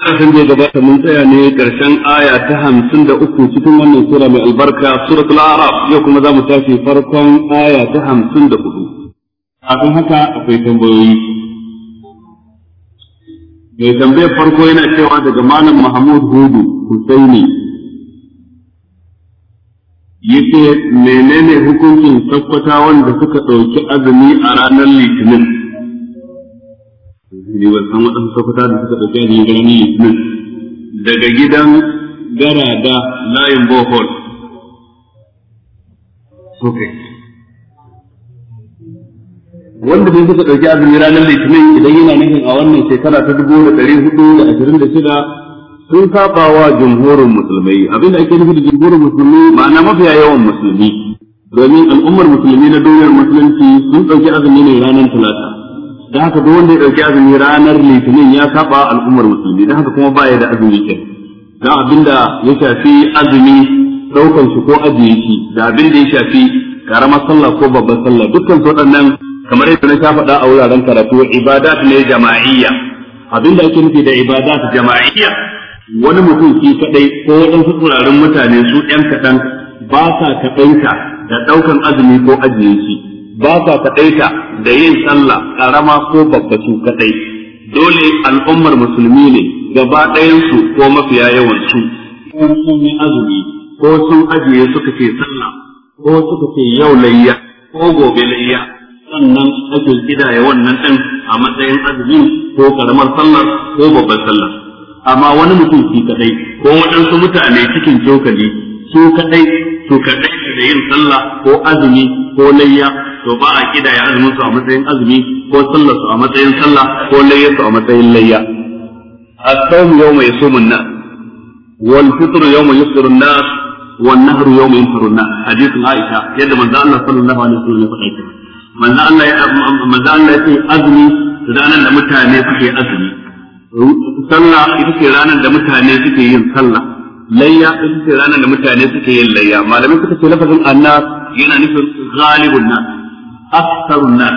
kafin da gabata mun tsaya ne karshen aya ta hamsin da uku cikin wannan sura mai albarka al araf yau kuma za mu tashi farkon aya ta hamsin da hudu kafin haka akwai tambayoyi mai tambayar farko yana cewa daga malam mahmud hudu husaini ce menene hukuncin tabbata wanda suka ɗauki azumi a ranar litinin ne ba san da suka ɗauke ni gani litinin daga gidan garada layin bohol suka wanda sun suka dauki azumi ranar litinin idan yana nufin a wannan shekara ta dubu da ɗari hudu da ashirin da shida sun saba wa jumhurin musulmai abinda ake nufi da jumhurin musulmi ma'ana mafiya yawan musulmi domin al'ummar musulmi na duniyar musulunci sun ɗauki azumi ne ranar talata da haka duk wanda ya dauki azumi ranar litinin ya saba al'ummar musulmi da haka kuma baya da azumi ke dan abinda ya shafi azumi daukan shi ko ajiye shi da abinda ya shafi karamar sallah ko babbar sallah dukkan su waɗannan kamar yadda na sha faɗa a wuraren karatu ibadat ne jama'iyya abinda ake nufi da ibadat jama'iyya wani mutum shi kadai ko waɗansu tsirarin mutane su ɗan kaɗan ba sa kaɗanka da ɗaukan azumi ko ajiye ba sa kaɗaita da yin sallah ƙarama ko babba su kaɗai dole al'ummar musulmi ne gaba ɗayansu ko mafiya yawan su ko sun azumi ko sun ajiye suka ce sallah ko suka ce yau layya ko gobe layya sannan ake kidaya wannan ɗin a matsayin azumi ko karamar sallar ko babban sallar amma wani mutum shi kaɗai ko waɗansu mutane cikin cokali su kadai su kadai da yin sallah ko azumi ko layya to ba a kida ya azumin su a matsayin azumi ko sallah su a matsayin sallah ko layya su a matsayin layya as-sawm yawma yasumu an-nas wal fitr yawma yufṭiru an-nas wan nahru yawma yunfiru nas hadithun Aisha yadda manzo Allah sallallahu alaihi wasallam ya faɗa manzo Allah ya manzo Allah ya ce azumi ranar da mutane suke azumi sallah ita ce ranar da mutane suke yin sallah layya sun ce ranar da mutane suke yin layya malamai suka ce lafazin anna yana nufin ghalibun nas aksarun nas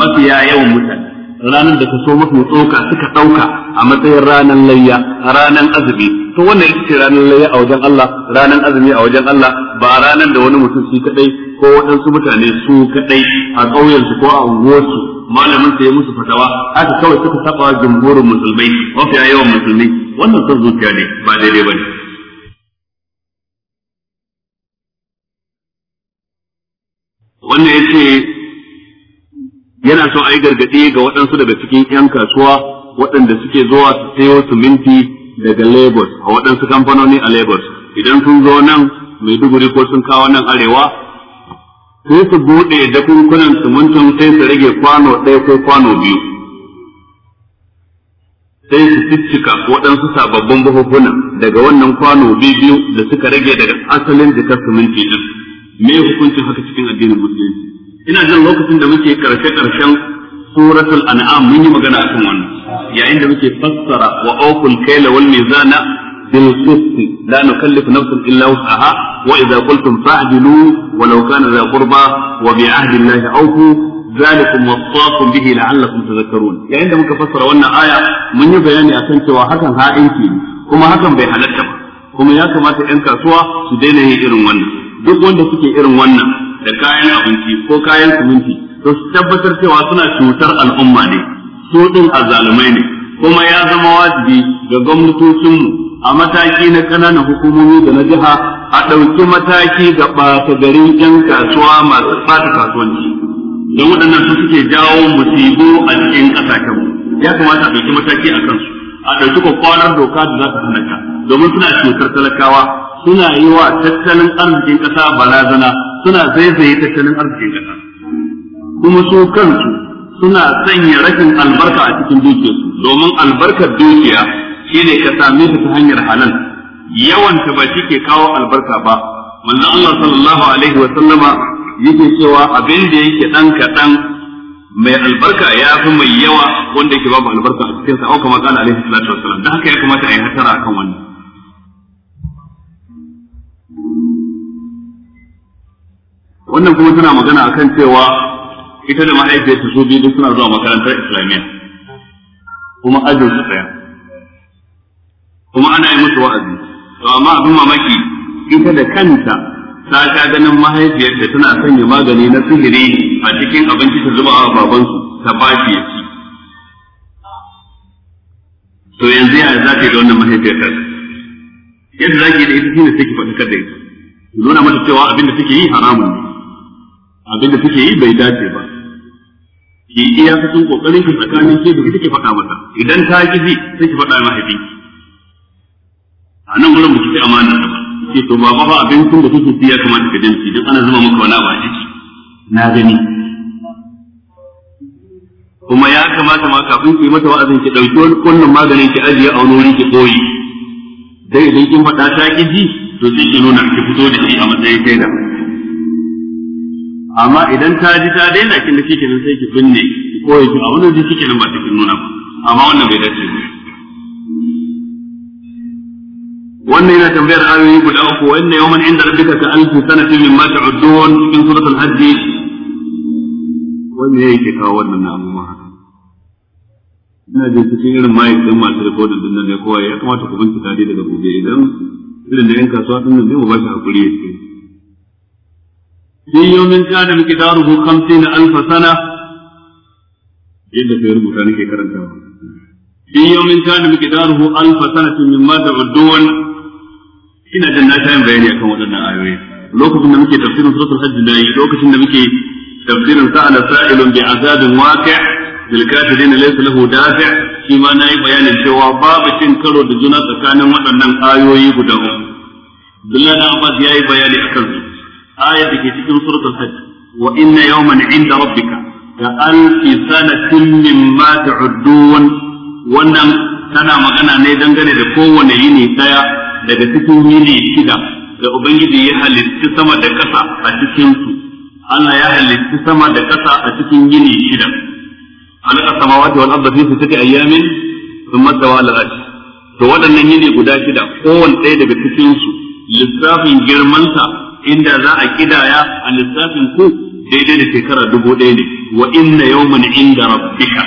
mafiya yawan mutane ranar da ta so mafi tsoka suka ɗauka a matsayin ranar layya ranar azumi to wannan ita ce ranar layya a wajen Allah ranar azumi a wajen Allah ba ranar da wani mutum shi kadai ko waɗansu mutane su kadai a ƙauyensu ko a unguwarsu malamin sai musu fatawa haka kawai suka saba jumhurin musulmai mafiya yawan musulmi, wannan sun zuciya ne ba daidai ne. wannan ya ce yana son a yi gargaɗi ga waɗansu daga cikin 'yan kasuwa waɗanda suke zuwa su sayo siminti daga Lagos a waɗansu kamfanoni a Lagos idan sun zo nan mai duguri ko sun kawo nan arewa sai su buɗe da kunkunan simintin sai su rage kwano ɗaya ko kwano biyu sai su ciccika waɗansu sababbin buhuhuna daga wannan kwano biyu da suka rage daga asalin jikar siminti ɗin. me hukuncin haka cikin addinin musulunci ina jin lokacin da muke karshe karshen suratul an'am mun yi magana akan wannan yayin da muke fassara wa awqul kayla wal mizana bil qist la nukallifu nafsan illa wus'aha wa idza qultum fa'dilu wa law kana dha qurba wa bi ahdi allahi awfu zalikum wasaqu bihi la'allakum tadhakkarun yayin da muka fassara wannan aya mun yi bayani akan cewa hakan ha'inki kuma hakan bai halarta ba kuma ya kamata 'yan kasuwa su daina yin irin wannan duk wanda suke irin wannan da kayan abinci ko kayan siminti to su tabbatar cewa suna cutar al'umma ne su din azalumai ne kuma ya zama wajibi ga gwamnatocinmu a mataki na ƙananan hukumomi da na jiha a ɗauki mataki ga ɓata garin 'yan kasuwa masu ɓata kasuwanci don waɗannan su suke jawo musibu a cikin ƙasashenmu ya kamata a ɗauki mataki a kansu a ɗauki kwakwalar doka da za ta hana domin suna cutar talakawa suna yi wa tattalin arzikin ƙasa barazana suna zaizaye tattalin arzikin ƙasa kuma su kansu suna sanya rashin albarka a cikin dukiyarsu domin albarkar dukiya ne ka same ta ta hanyar halal Yawan ta ba shi ke kawo albarka ba manzon Allah sallallahu alaihi wa sallama yake cewa abin da yake dan kaɗan mai albarka ya fi mai yawa wanda yake babu albarka a cikin sa kama kana alaihi salatu wasallam dan haka ya kamata a yi hatara akan wannan wannan kuma tana magana akan cewa ita da mahaifiyarta su biyu duk suna zuwa makarantar islamiyya kuma ajin su tsaya kuma ana yi musu wa'azi to amma abin mamaki ita da kanta ta ga ganin mahaifiyarta tana sanya magani na sihiri a cikin abinci ta zuba a baban su ta bashi ya ci to yanzu ya za ta yi da wannan mahaifiyarta yadda za ki yi da ita shine sai ki faɗi kada ita nuna mata cewa abin da take yi haramun ne abinda take yi bai dace ba ki iya kasan kokarin ki tsakanin ke da kike faɗa mata idan ta ki ji sai ki faɗa mahaifi a nan gurin ba sai amana ba ce to baba ba abincin da kike ci ya kamata ka dinki idan ana zama maka wani ba a na gani kuma ya kamata ma kafin ki mata wa'azin ki dauki wannan maganin ki ajiye a wani wuri ki koyi dai idan kin faɗa ta ki ji to sai ki nuna ki fito da shi a matsayin kai da amma idan ta ji ta daina kin da kike sai ki binne ki koyi ki a wannan ji kike nan ba cikin nuna ba amma wannan bai dace ba wannan yana tambayar ayoyi guda uku wannan inna yawman inda rabbika ka alfi sanatin ma ta'udun surat al hajj wannan yake kawo wannan na amma ina jin cikin irin ma'aikatan masu rikodin dinnan ne kowa ya kamata ku bincika dai daga gobe idan irin da yan kasuwa dinnan ne mu ba shi hakuri ya ce في يوم كان مقداره خمسين ألف سنة إلا في ربك da كرمتها في يوم كان مقداره ألف سنة مما تعدون ina da na tayin bayani akan waɗannan ayoyi lokacin da muke tafsirin suratul hajj da yi lokacin da muke tafsirin sa'ala sa'ilun bi azabin waqi' lil kafirin laysa lahu dafi' shi ma nayi bayanin cewa babu cin karo da juna tsakanin waɗannan ayoyi guda uku yayi bayani akan su ayar da ke cikin suratul hajj wa inna yawman inda rabbika ka alfi sanatin mimma ta'uddun wannan tana magana ne dangane da kowane yini daya daga cikin yini shida da ubangiji ya halitta sama da ƙasa a cikin su Allah ya halitta sama da ƙasa a cikin yini shida halaka samawati wal ardi fi sitati ayyamin thumma tawa al arsh to waɗannan yini guda shida kowanne ɗaya daga cikin su lissafin girmansa inda za a kidaya a lissafin ku daidai da shekara dubu ɗaya ne wa inna yawman inda rabbika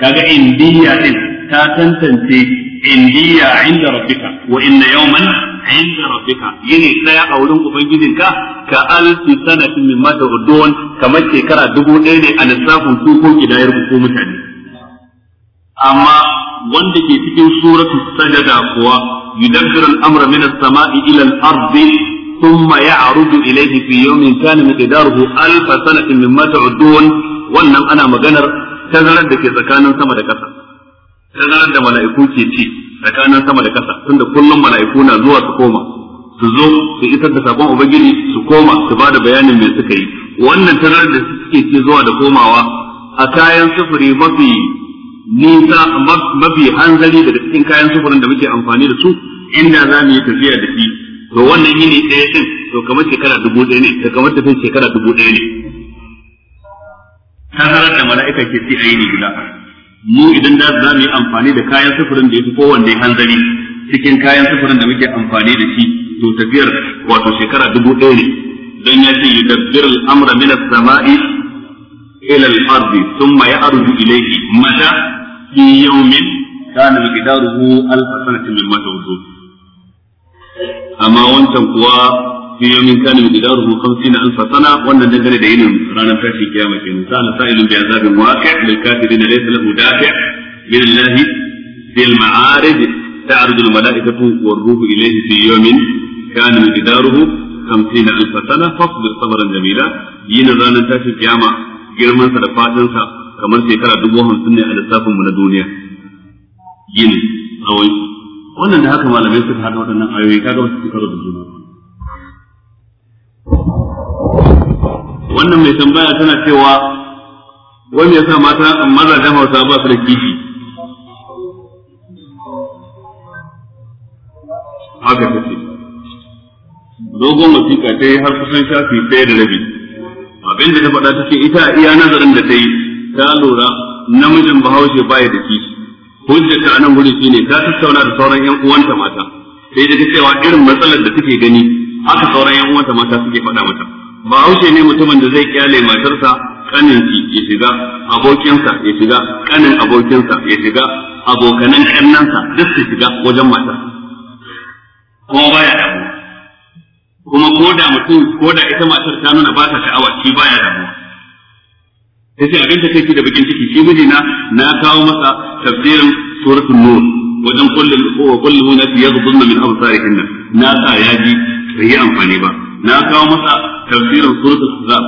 kaga indiya din ta tantance indiya inda rabbika wa inna yawman inda rabbika yini tsaya a wurin ubangijin ka alfi sanatin mata uduwan kamar shekara dubu ɗaya ne a lissafin ku ko kidayar ku ko mutane amma wanda ke cikin suratul sajada kuwa yudabbiru al-amra min as-sama'i ila al-ardi thumma ya'rudu ilayhi fi yawmin kana miqdaruhu alf sanatin mimma ta'udun wannan ana maganar tazarar da ke tsakanin sama da ƙasa tazarar da mala'iku ke ci tsakanin sama da ƙasa tunda kullum mala'iku na zuwa su koma su zo su isar da sabon ubangiji su koma su bada bayanin mai suka yi wannan tazarar da suke ci zuwa da komawa a kayan sufuri mafi nisa mafi hanzari daga cikin kayan sufurin da muke amfani da su inda za mu yi tafiya da shi to wannan yini ɗaya din to kamar shekara dubu ɗaya ne to kamar tafin shekara dubu ɗaya ne Ta tazarar da mala'ika ke ci a yini guda mu idan da za mu yi amfani da kayan sufurin da ya fi kowanne hanzari cikin kayan sufurin da muke amfani da shi to tafiyar wato shekara dubu ɗaya ne don ya ce yudabbir al'amra min as-sama'i ila al-ardi thumma ya'ruju ilayhi mata fi yawmin kana miqdaruhu alf sanatin mata tawdud amma wancan kuwa fi yawmin kana miqdaruhu 50 alf sana wannan dangane da yinin ranar tashin kiyama kenan sa sa'ilun bi azabin waqi' lil kafirin laysa lahu dafi' min Allah fil ma'arij تعرج الملائكة والروح إليه في يوم كان مقداره خمسين ألف سنة فاصبر صبرا جميلا ين رانا تاشي قيامة جرمان سرفاتن سا كمان شكرا ne a على سافهم na duniya ين أوي wannan da haka malamai suka hada waɗannan ayoyi kaga wasu suka da juna wannan mai tambaya tana cewa wani yasa mata da hausa ba su da kishi haka ta ce dogon wasiƙa ta yi har kusan shafi ɗaya da rabi abinda ta faɗa ta ce ita iya nazarin da ta yi ta lura namijin bahaushe ba ya da kishi hujjar ta anan guri shine ta tattauna da sauran yan uwanta mata sai da cewa irin matsalar da take gani haka sauran yan uwanta mata suke faɗa mata ba haushe ne mutumin da zai kyale matarsa kaninki ya shiga abokinsa ya shiga kanin abokinsa ya shiga abokanan kannansa duk su shiga wajen mata kuma baya damuwa kuma ko da mutum ko da ita matar ta nuna ba ta sha'awa shi baya damuwa yace abin da take da bakin ciki shi mijina na na kawo masa tafsirin suratul nur wajen kullu wa kullu hunati yaghdhun min absarihin na sa yaji bai yi amfani ba na kawo masa tafsirin suratul zab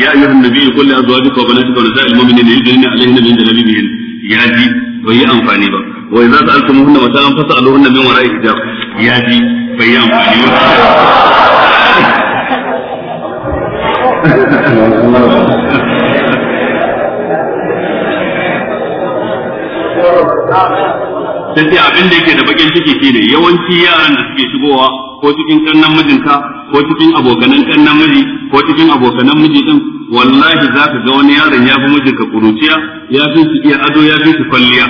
ya ayyuha annabiyyu qul li azwajika wa banatika wa nisa'il mu'minina yudnina 'alayhinna min jalabibihin ya ji bai yi amfani ba wa idza sa'altumuhunna mata'an fas'aluhunna min wara'i hijab ya ji bai yi amfani ba Allah ta ce abin da yake da bakin ciki shine yawanci yaran da suke shigowa ko cikin kannan mijinta ko cikin abokanan kannan miji ko cikin abokanan miji din wallahi za ka ga wani yaron ya fi mijinka kuruciya ya fi su iya ado ya fi su kwalliya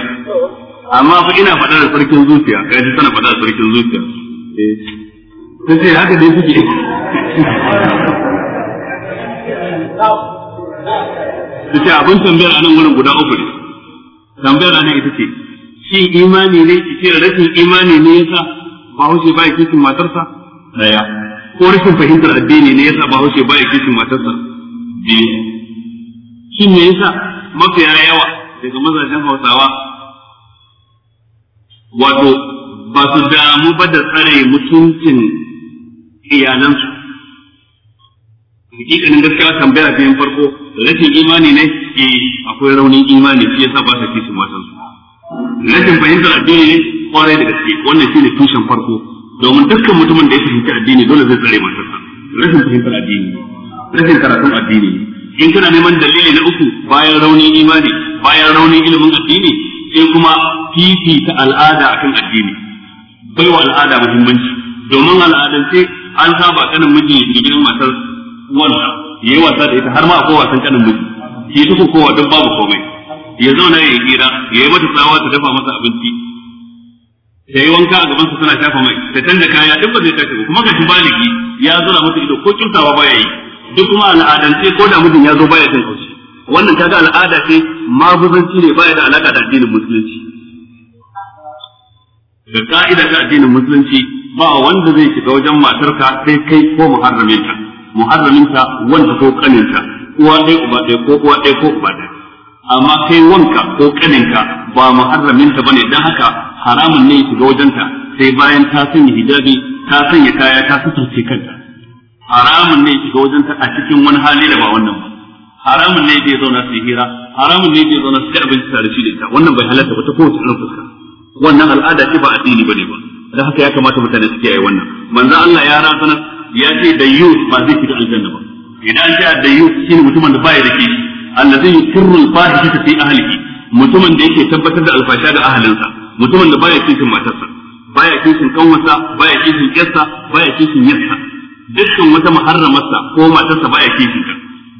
amma fa ina faɗa da sarkin zuciya kai ji sana faɗa da sarkin zuciya eh, ta ce haka dai kuke ta ce abin tambayar nan wurin guda uku ne tambayar nan ita ce shi imani ne shi rashin imani ne yasa ba hushe ba ya kishin matarsa daya ko rashin fahimtar addini ne yasa ba hushe ba ya kishin matarsa biyu shi ne yasa mafiya yawa daga mazajen hausawa wato ba su damu ba da tsare mutuncin iyalansu hakikanin gaskiya tambaya biyan yin farko rashin imani ne eh akwai raunin imani shi yasa ba su kishin matarsa. lakin fahimtar addini ne kwarai da gaske wannan shine tushen farko domin dukkan mutumin da ya fahimci addini dole zai tsare matarsa rashin fahimtar addini rashin karatun addini in kana neman dalili na uku bayan raunin imani bayan raunin ilimin addini sai kuma fifita al'ada akan addini bai wa al'ada muhimmanci domin sai an saba kanin miji da gidan matar uwarsa ya yi wasa da ita har ma akwai wasan kanin miji shi duk kowa duk babu komai ya zauna ya hira ya yi mata tsawa ta dafa masa abinci ta yi wanka a gaban sa tana shafa mai ta canza kaya duk ba zai tashi ba kuma gashi baligi ya zura masa ido ko kintawa baya yi duk kuma al'adance ko da mutum ya zo baya cin haushi wannan ta ga al'ada ce maguzanci ne baya da alaka da addinin musulunci da ka'ida ta addinin musulunci ba wanda zai shiga wajen matarka sai kai ko muharraminta muharraminta wanda ko kaninta uwa ɗaya uba ɗaya ko uwa ɗaya ko uba ɗaya amma kai wanka ko kaninka ba ta bane dan haka haramun ne shiga wajenta sai bayan ta sanya hijabi ta sanya kaya ta suturce kanta haramun ne shiga wajenta a cikin wani hali da ba wannan ba haramun ne da ya zauna su hira haramun ne da ya zauna su ci abinci tare shi da ita wannan bai halatta ba ta kowace irin fuska wannan al'ada ce ba addini bane ba dan haka ya kamata mutane su kiyaye wannan manzo Allah ya razana ya ce da yus ba zai shiga aljanna ba idan ta da yus shine mutumin da baya da kishi allazi yusirru al-fahishata fi ahlihi mutumin da yake tabbatar da alfasha ga ahalinsa mutumin da baya kishin matarsa baya kishin kanwarsa baya kishin yarsa baya kishin yarsa dukkan wata muharramarsa ko matarsa baya kishin ta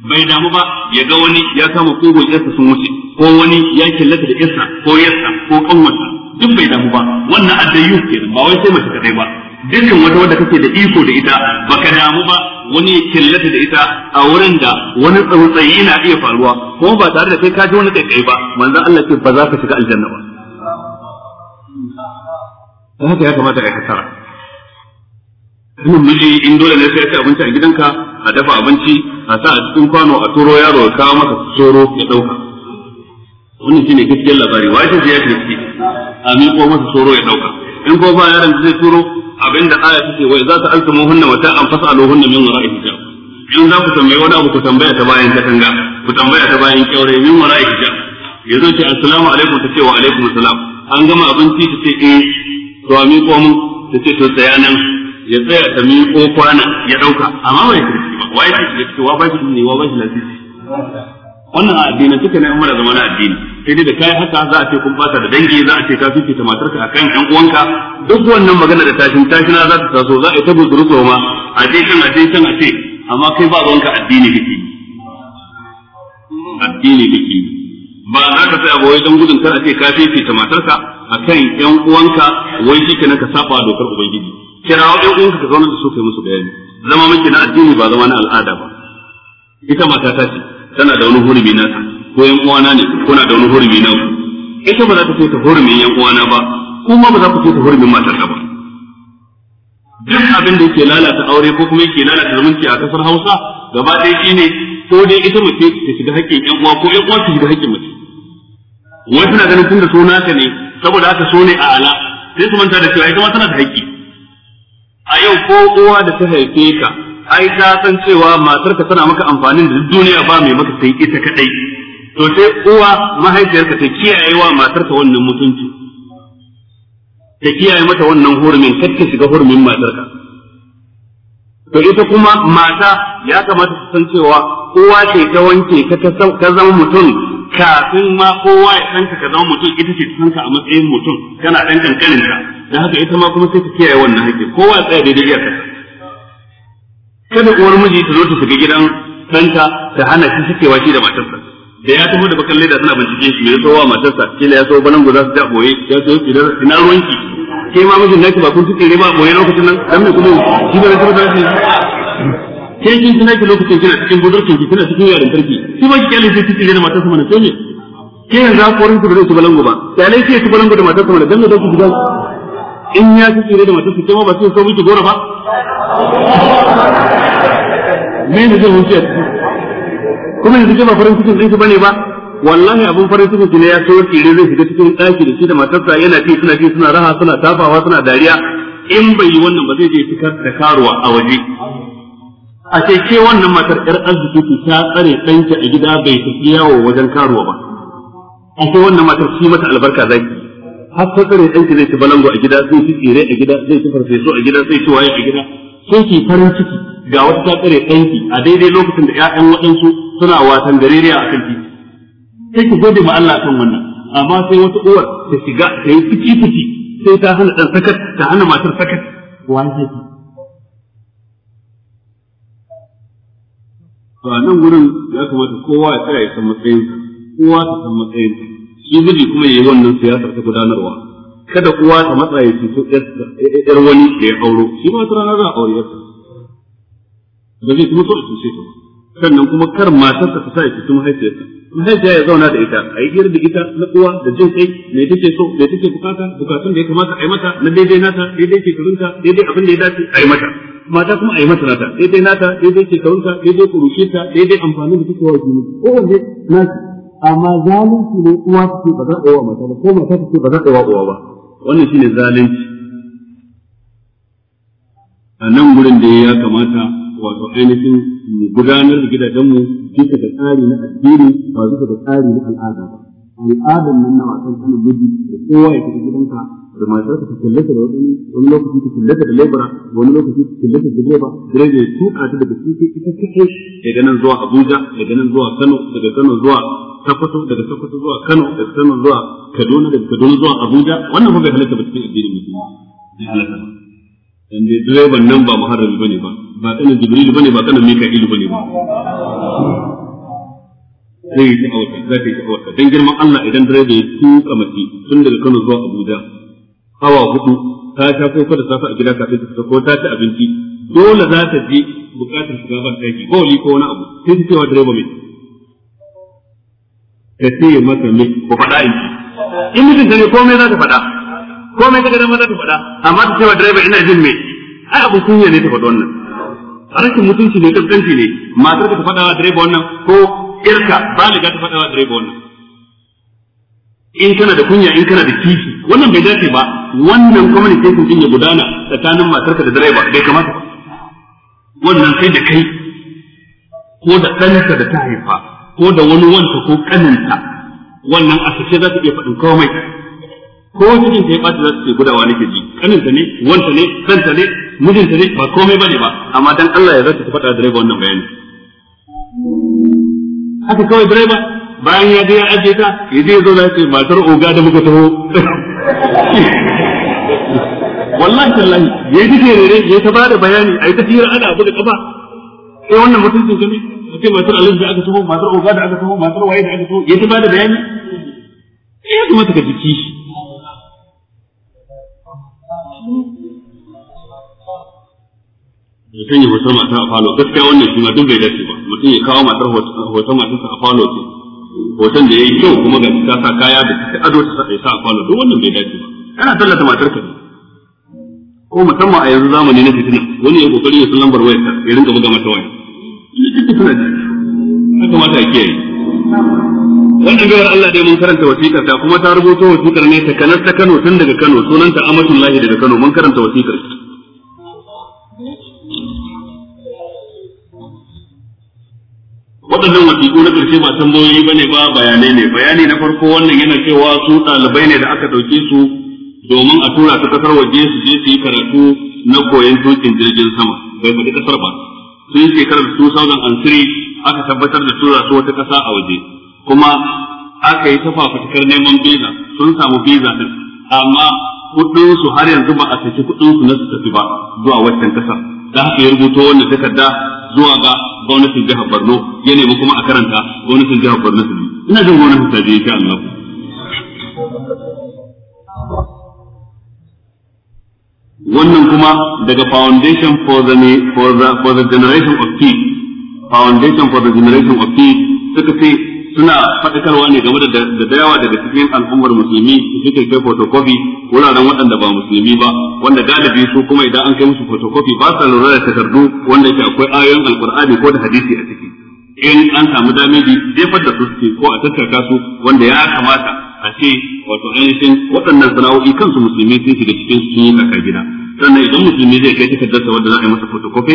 bai damu ba ya ga wani ya kama kogon yarsa sun wuce ko wani ya killata da yarsa ko yarsa ko kanwarsa duk bai damu ba wannan addayyu ke ba wai sai mace kadai ba dukkan wata wanda kake da iko da ita baka damu ba wani ya killata da ita a wurin da wani tsautsayi na iya faruwa kuma ba tare da kai ka ji wani kai ba manzon Allah ce ba za ka shiga aljanna ba dan haka ya kamata ka kasara Mun miji in dole ne sai ka ci abinci a gidanka a dafa abinci a sa a cikin kwano a turo yaro ya kawo maka tsoro ya dauka wannan shine gaskiyar labari wace ya ce ya ce ko masa tsoro ya dauka in ko ba yaron zai turo abinda aya take wai za ta alta muhunna mata an lohunna min wara'i hijab in za ku tambaye wani abu ku tambaya ta bayan katanga ku tambaya ta bayan kyaure min wara'i hijab yazo ce assalamu alaikum ta ce wa alaikum assalam an gama abinci ta ce eh to a miƙo mun ta ce to tsaya nan ya tsaya ta miƙo kwana ya ɗauka amma bai kirki ba wai ce wa ba shi ne wa ba shi lafiya wannan addini duka ne mara zama na addini sai dai da kai haka za a ce kun fata da dangi za a ce ka fifita ka akan ɗan uwanka duk wannan magana da tashin tashina za ta taso za a yi ta buzuru ma a je can a je can a ce amma kai ba ruwanka addini kake addini kake ba za ka sai abuwai don gudun kar a ce ka fifita matarka akan ɗan uwanka wai shi kenan ka saba dokar ubangiji kirawo ɗan uwanka ka zauna da su kai musu bayani zama miki na addini ba zama na al'ada ba ita mata ta ce tana da wani hurumi ta ko yan uwana ne kuna da wani hurumi na ita ba za ta ce ta hurumin yan uwana ba kuma ba za ku ce ta matar ka ba duk abin da yake lalata aure ko kuma yake lalata zumunci a kasar Hausa gaba ɗaya shine ko dai ita mace ta shiga haƙƙin 'yan uwa ko 'yan uwa ta shiga haƙƙin mace wai suna ganin tun da so naka ne saboda haka so ne a ala sai su manta da cewa ita ma tana da haƙƙi a yau ko uwa da ta haife ka ai ta san cewa matarka tana maka amfanin da duniya ba mai maka sai ita kaɗai. to sai uwa mahaifiyarka ta kiyaye wa matarka wannan mutunci ta kiyaye mata wannan hurumin kar ta shiga hurumin matarka to ita kuma mata ya kamata ta san cewa uwa ce ta wanke ka zama mutum kafin ma kowa ya san ka zama mutum ita ce ta san ka a matsayin mutum kana dan kankanin ka dan haka ita ma kuma sai ta kiyaye wannan hakki kowa ya tsaya daidai ya kasa kada uwar miji ta zo ta shiga gidan ɗanta ta hana shi cikewa shi da matarsa da ya taho da bakan leda suna bincike shi ya sowa matarsa kila ya sowa banan guda su ta boye ya sowa ki da ina ruwanki ke ma mijin naki ba kun tuke ne ba boye lokacin nan dan me kuma shi ba zai tabbata shi ke kin tuna ki lokacin kina cikin budurkin ki kina cikin yarin tarki shi ba ki kyalin sai tuke da matarsa mana sai ne ke yanzu ku wurin ku ba su ci balango ba kyale sai su balango da matarsa mana dan da zai ku gidan in ya tuke da matarsa ke ma ba sai so miki gora ba me ne zai wuce kuma yanzu ba farin cikin ɗinsu bane ba wallahi abin farin cikin su ne ya so tsire zai shiga cikin ɗaki da shi da matarsa yana ci suna ci suna raha suna tafawa suna dariya in bai yi wannan ba zai je fitar da karuwa a waje a ce ke wannan matar 'yar arziki ki ta tsare ɗanki a gida bai tafi yawo wajen karuwa ba a ce wannan matar shi mata albarka zaki har ta tsare ɗanki zai ci balango a gida zai ci tsire a gida zai ci farfeso a gida zai ci waye a gida sai ki farin ciki ga wata ta tsare ɗanki a daidai lokacin da ƴaƴan waɗansu suna watan gareriya a kan titi sai ki gode ma Allah kan wannan amma sai wata uwar ta shiga ta yi fici fici sai ta hana ɗan sakat ta hana matar sakat wani haki to a nan wurin ya kamata kowa ya tsaya ya san matsayin kowa ta san matsayin shi miji kuma ya yi wannan siyasar ta gudanarwa kada kowa ta matsa ya ci wani da ya auro shi ma ta rana za a auri yasa ba zai kuma so a cuce ta sannan kuma kar matarsa ta sa ya cuci mahaifiyarsa mahaifiya ya zauna da ita a yi hira da ita na uwa da jin kai me take so me take bukata bukatun da ya kamata a yi mata na daidai nata daidai karunta daidai abin da ya dace a yi mata mata kuma a yi mata nata daidai nata daidai karunta daidai ta, daidai amfani da take wa jini ko wanne nasu amma zalunci ne uwa ce ba za a yi wa mata ba ko mata ce ba za a yi wa uwa ba wannan shine zalunci a nan gurin da ya kamata wato ainihin gudanar da gidajenmu duka da tsari na addini ba duka da tsari na al'ada ba al'adar nan na wasan kanin miji da kowa ya fita gidanka da matarsa ta kallata da wani wani lokaci ta kallata da lebura wani lokaci ta kallata da direba direba ya tuka ta daga cikin ita kake daga nan zuwa Abuja daga nan zuwa Kano daga Kano zuwa Sokoto daga Sokoto zuwa Kano daga Kano zuwa Kaduna daga Kaduna zuwa Abuja wannan kuma bai halatta ba cikin addinin musulmi bai halatta ba dan direban nan ba muharrami bane ba ba kanin jibril bane ba kanin mika'il bane ba zai yi sha'awarta za ta yi sha'awarta don girman Allah idan direba ya tuka mace tun daga Kano zuwa Abuja hawa hudu ta sha ko kada ta a gida kafin ta ko ta ci abinci dole za ta je bukatar shiga ban taki ba wali ko wani abu sai ta cewa direba mai ta ce masa mai ko faɗa in in mutum ta ne komai za ta faɗa komai ta ga dama za ta faɗa amma ta cewa direba ina jin mai ai abu kunya ne ta faɗi wannan rashin mutunci ne kaskanci ne matar ka ta faɗawa direba wannan ko irka baliga ta faɗawa direba wannan in kana da kunya in kana da kishi wannan bai dace ba wannan communication din ya gudana tsakanin ka da direba bai kamata ba wannan sai da kai ko da ɗanta da ta haifa ko da wani wanta ko ƙaninta wannan a sace za ta iya faɗin komai ko cikin ta ya ɓata za ta ce gudawa nake ji ƙaninta ne wanta ne ɗanta ne mijinta ne ba komai ba ne ba amma dan Allah ya zata faɗa direba wannan bayani haka kawai direba bayan ya je ya ajiye ta ya je zo ya ce matar oga da muka taho wallahi tallahi ya ji terere ya ta bada bayani ai ta tira ana abu da kafa sai eh, wannan mutuncin kame a ce matar alhaji da aka taho matar oga da aka taho matar waye da aka taho ya ta bada bayani eh, ya ta ka jiki shi Mutum ya sanya hoton matar a falo gaskiya wannan shi ma duk bai dace ba mutum ya kawo matar hoton matarsa a falo ce hoton da ya yi kyau kuma ga ta sa kaya da ta ado ta sa a falo duk wannan bai dace ba ana tallata matar ka ne ko musamman a yanzu zamani na fitina wani ya kokari ya san lambar wayar ta ya rinka buga mata waya haka mata kiyaye wannan gawar Allah dai mun karanta wasiƙar ta kuma ta rubuto wasiƙar ne ta kanar ta Kano tun daga Kano sunanta Amatullahi daga Kano mun karanta wasiƙar ta". waɗannan wasiƙu na ƙarshe ba tambayoyi bane ba bayanai ne bayani na farko wannan yana cewa su ɗalibai ne da aka ɗauke su domin a tura su ƙasar waje su je su yi karatu na koyon tukin jirgin sama bai faɗi ƙasar ba sun shekarar 2003 aka tabbatar da tura su wata ƙasa a waje kuma aka yi tafa neman biza sun samu biza ɗin amma kuɗin su har yanzu ba a saki kuɗin su na su tafi ba zuwa waccan ƙasar da haka ya rubuto wannan takarda zuwa ga gwamnatin jihar Borno ya nemi kuma a karanta gwamnatin jihar Borno su ina jin gwamnatin ta je insha Allah wannan kuma daga foundation for the for the for the generation of peace foundation for the generation of peace suka ce suna faɗakarwa ne game da da dayawa daga cikin al'ummar musulmi su suke kai photocopy wuraren waɗanda ba musulmi ba wanda galibi su kuma idan an kai musu photocopy ba sa lura da takardu wanda yake akwai ayoyin alkur'ani ko da hadisi a ciki in an samu damiji jefar da su suke ko a tattaka su wanda ya kamata a ce wato ainihin waɗannan sana'o'i kansu musulmi sun shiga cikin su yi kaka gida sannan idan musulmi zai kai sa wanda za a yi masa photocopy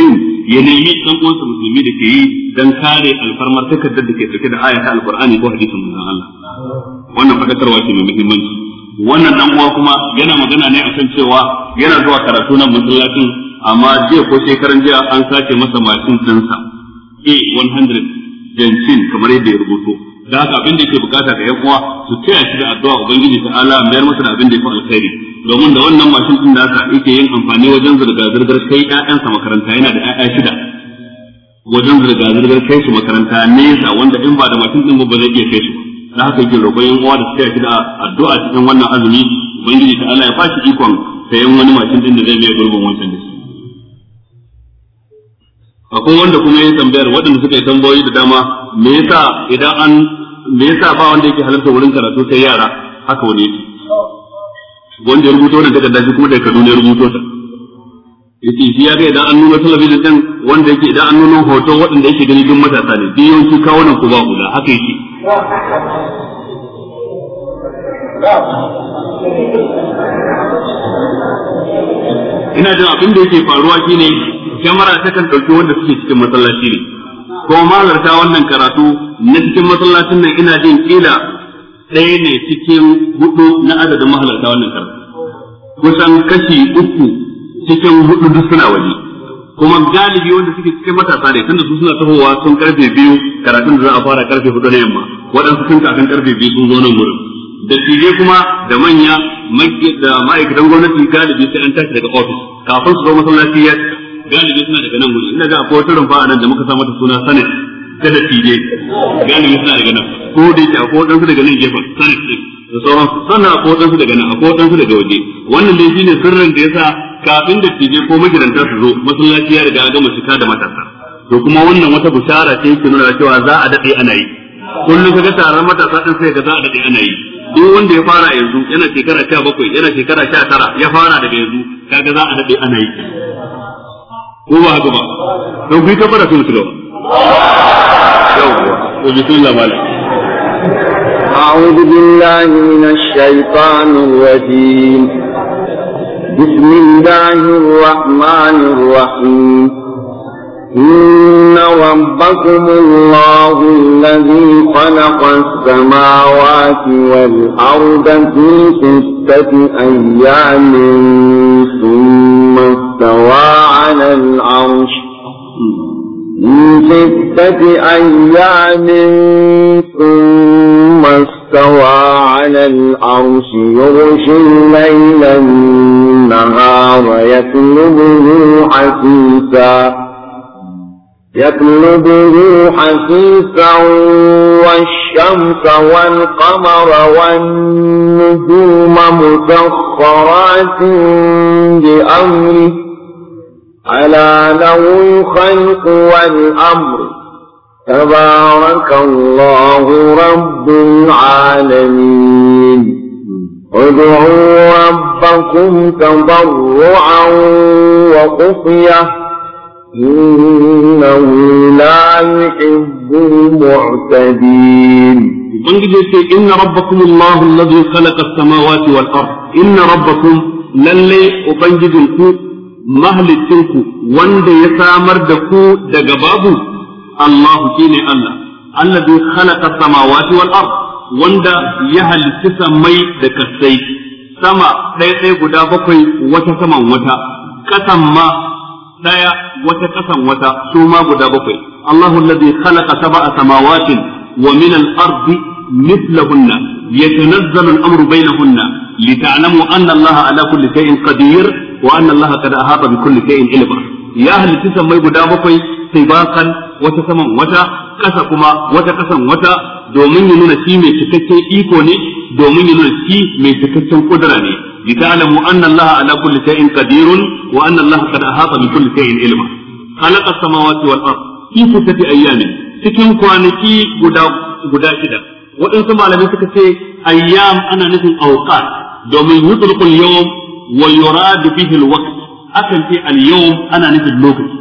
ya nemi dan uwansa musulmi da ke yi dan kare alfarmar takardar da ke dauke da ayata alqur'ani ko hadisin manzon Allah wannan fadakarwa ce mai muhimmanci wannan dan uwa kuma yana magana ne akan cewa yana zuwa karatu nan masallacin amma jiya ko shekaran jiya an sace masa mashin sa A100 jancin kamar yadda ya rubuto da haka abin da yake bukata ga yan uwa su tsaya shi da addu'a ubangiji ta'ala mayar masa da abin da ya fi alkhairi domin da wannan mashin din da aka yake yin amfani wajen zirga zirgar kai ƴaƴansa makaranta yana da ƴaƴa shida wajen zirga zirgar kai su makaranta nesa wanda in ba da mashin din ba zai iya kai su da haka yake roƙon yan uwa da suka yi da addu'a cikin wannan azumi ubangiji ta Allah ya fashi ikon sayan wani mashin din da zai biya gurbin wancan da akwai wanda kuma ya tambayar waɗanda suka yi tambayoyi da dama me yasa idan an me yasa ba wanda yake halarta wurin karatu sai yara haka wani yake wanda ya rubuta wannan takarda shi kuma da Kaduna ya rubuta ta yace shi ya ga idan an nuna talabijin din wanda yake idan an nuna hoton waɗanda yake gani duk matasa ne duk yawanci kawo nan ku ba hula haka yake ina jin abin da yake faruwa shine kyamara ta kan ɗauki wanda suke cikin masallaci ne ko malarta wannan karatu na cikin masallacin nan ina jin kila ɗaya ne cikin hudu na adadin mahalarta wannan karatu kusan kashi uku cikin hudu duk suna waje kuma galibi wanda suke cikin matasa ne tunda su suna tahowa sun karfe biyu karatun da za a fara karfe hudu na yamma waɗansu sun kafin karfe biyu sun zo nan wurin da tije kuma da manya da ma'aikatan gwamnati galibi sai an tashi daga ofis kafin su zo masallaci ya galibi suna daga nan wurin ina ga akwai wata rumfa a nan da muka sa mata suna sanin da dattijai gane mu suna daga nan ko da yake akwai waɗansu daga nan gefen sanin su da sauran su sannan akwai waɗansu daga nan akwai waɗansu daga waje wannan dai shine sirrin da yasa kafin da dattijai ko magidanta su zo masallaci ya riga gama shika da matasa to kuma wannan wata bushara ce yake nuna cewa za a daɗe ana yi kullum kaga taron matasa ɗin sai ga za a daɗe ana yi duk wanda ya fara yanzu yana shekara sha bakwai yana shekara sha tara ya fara daga yanzu kaga za a daɗe ana yi ko ba haka ba to ku yi tabbata sun su gaba مالك أعوذ بالله من الشيطان الرجيم بسم الله الرحمن الرحيم إن ربكم الله الذي خلق السماوات والأرض في ستة أيام ثم استوى على العرش في ستة أيام ثم استوى على الأرش يغشي الليل النهار يطلبه حثيثا يطلبه حثيثا والشمس والقمر والنجوم مسخرات بأمره ألا له الخلق والأمر تبارك الله رب العالمين ادعوا ربكم تضرعا وخفية إنه لا يحب المعتدين ubangiji inna rabbakum allahu alladhi khalaqa as-samawati wal ard inna rabbakum mahalicinku wanda ya samar da ku daga babu Allahu shine Allah Allah allazi halaka samawati wal ard wanda ya halitta samai da kasai sama ɗaya ɗaya guda bakwai wata saman wata ƙasan ma ɗaya wata ƙasan wata su ma guda bakwai Allahu allazi khalaqa sab'a samawatin wa min al ard mithlahunna yatanazzalu al amru bainahunna لتعلموا أن الله ala kulli شيء قدير wa anna allaha qad ahata bi kulli shay'in ilma ya halitta sammai guda bakwai tibakan wata saman wata kasa kuma wata kasan wata domin ya nuna shi mai cikakken iko ne domin ya nuna shi mai cikakken kudura ne bi ta'lamu anna allaha ala kulli shay'in qadirun wa anna allaha cikin kwanaki guda guda shida waɗansu malamai suka ce ayyam ana nufin awqat domin yutlqul yawm wa yuradu bihi alwaqt akan ce al-yawm ana nufin lokaci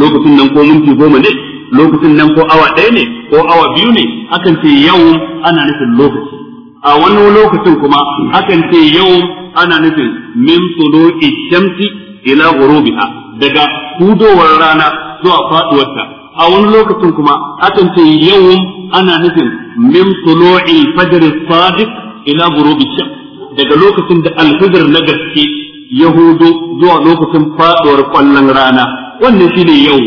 lokacin nan ko minti goma ne lokacin ko awa ɗaya ne ko awa biyu ne akan ce yau ana nufin lokaci a wani lokacin kuma akan ce yau ana nufin min tulu'i shamsi ila ghurubiha daga hudowar rana zuwa faduwarta a wani lokacin kuma akan ce yau ana nufin min tulu'i daga lokacin da alfijir na gaske ya hudu zuwa lokacin faɗuwar ƙwallon rana wannan shine yau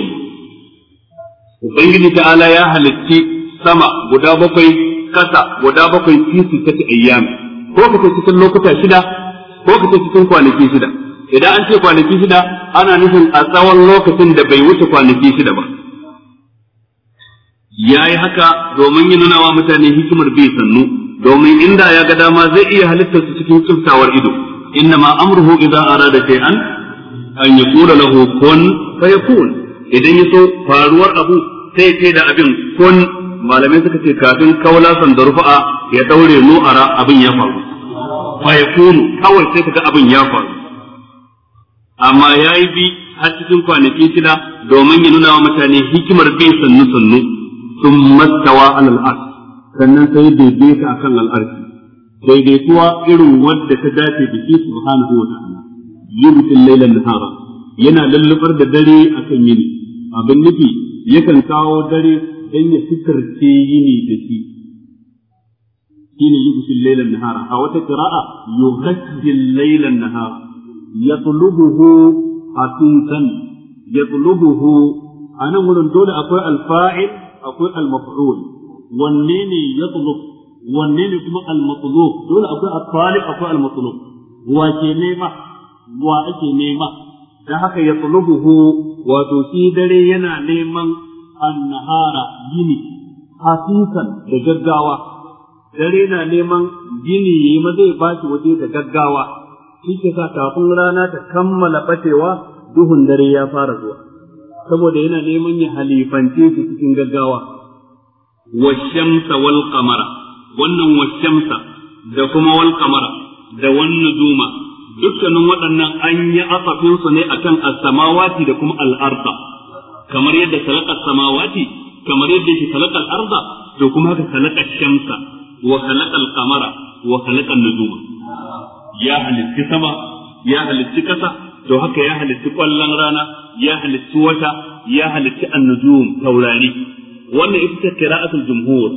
ubangiji ta'ala ya halitti sama guda bakwai kasa guda bakwai fi sittati ayyam ko kace cikin lokuta shida ko kace cikin kwanaki shida idan an ce kwanaki shida ana nufin a tsawon lokacin da bai wuce kwanaki shida ba ya yi haka domin yi nuna wa mutane hikimar bai sannu domin inda ya ga dama zai iya halittar su cikin tsiftawar ido inna ma amruhu idza arada shay'an an yaqula lahu kun fayakun idan yaso faruwar abu sai ce da abin kun malamai suka ce kafin kaula san da rufa'a ya daure mu ara abin ya faru fayakun kawai sai kaga abin ya faru amma yayi bi har cikin kwanaki shida domin ya nuna wa mutane hikimar bin sannu sannu sun mastawa alal sannan sai daidaita akan al'arshi daidaituwa irin wadda ta dace da shi subhanahu wa ta'ala yubtil laylan nahara yana lallabar da dare akan yini abin nufi yakan kawo dare dan ya fitarce yini da shi shine yubtil laylan nahara a wata qira'a yughtil laylan nahara yatlubuhu hatisan yatlubuhu anan wurin dole akwai alfa'il akwai almaf'ul wanne ne yatlub wanne ne kuma al dole akwai at-talib akwai al wa ke nema wa ake nema dan haka ya yatlubuhu wato shi dare yana neman annahara gini hasisan da gaggawa dare na neman gini yayi ma zai ba shi waje da gaggawa shi ke sa kafin rana ta kammala batewa duhun dare ya fara zuwa saboda yana neman ya halifance shi cikin gaggawa washamsa wal wannan washamsa da kuma wal da wannan nujuma dukkanin waɗannan an yi asafin su ne akan as-samawati da kuma al-arda kamar yadda khalaqa as-samawati kamar yadda yake khalaqa al-arda da kuma haka khalaqa shamsa wa khalaqa al-qamara wa khalaqa an-nujuma ya halitti sama ya halitti kasa to haka ya halitti ƙwallon rana ya halitti wata ya halitti annujum taurari wannan ita ce qira'atul jumhur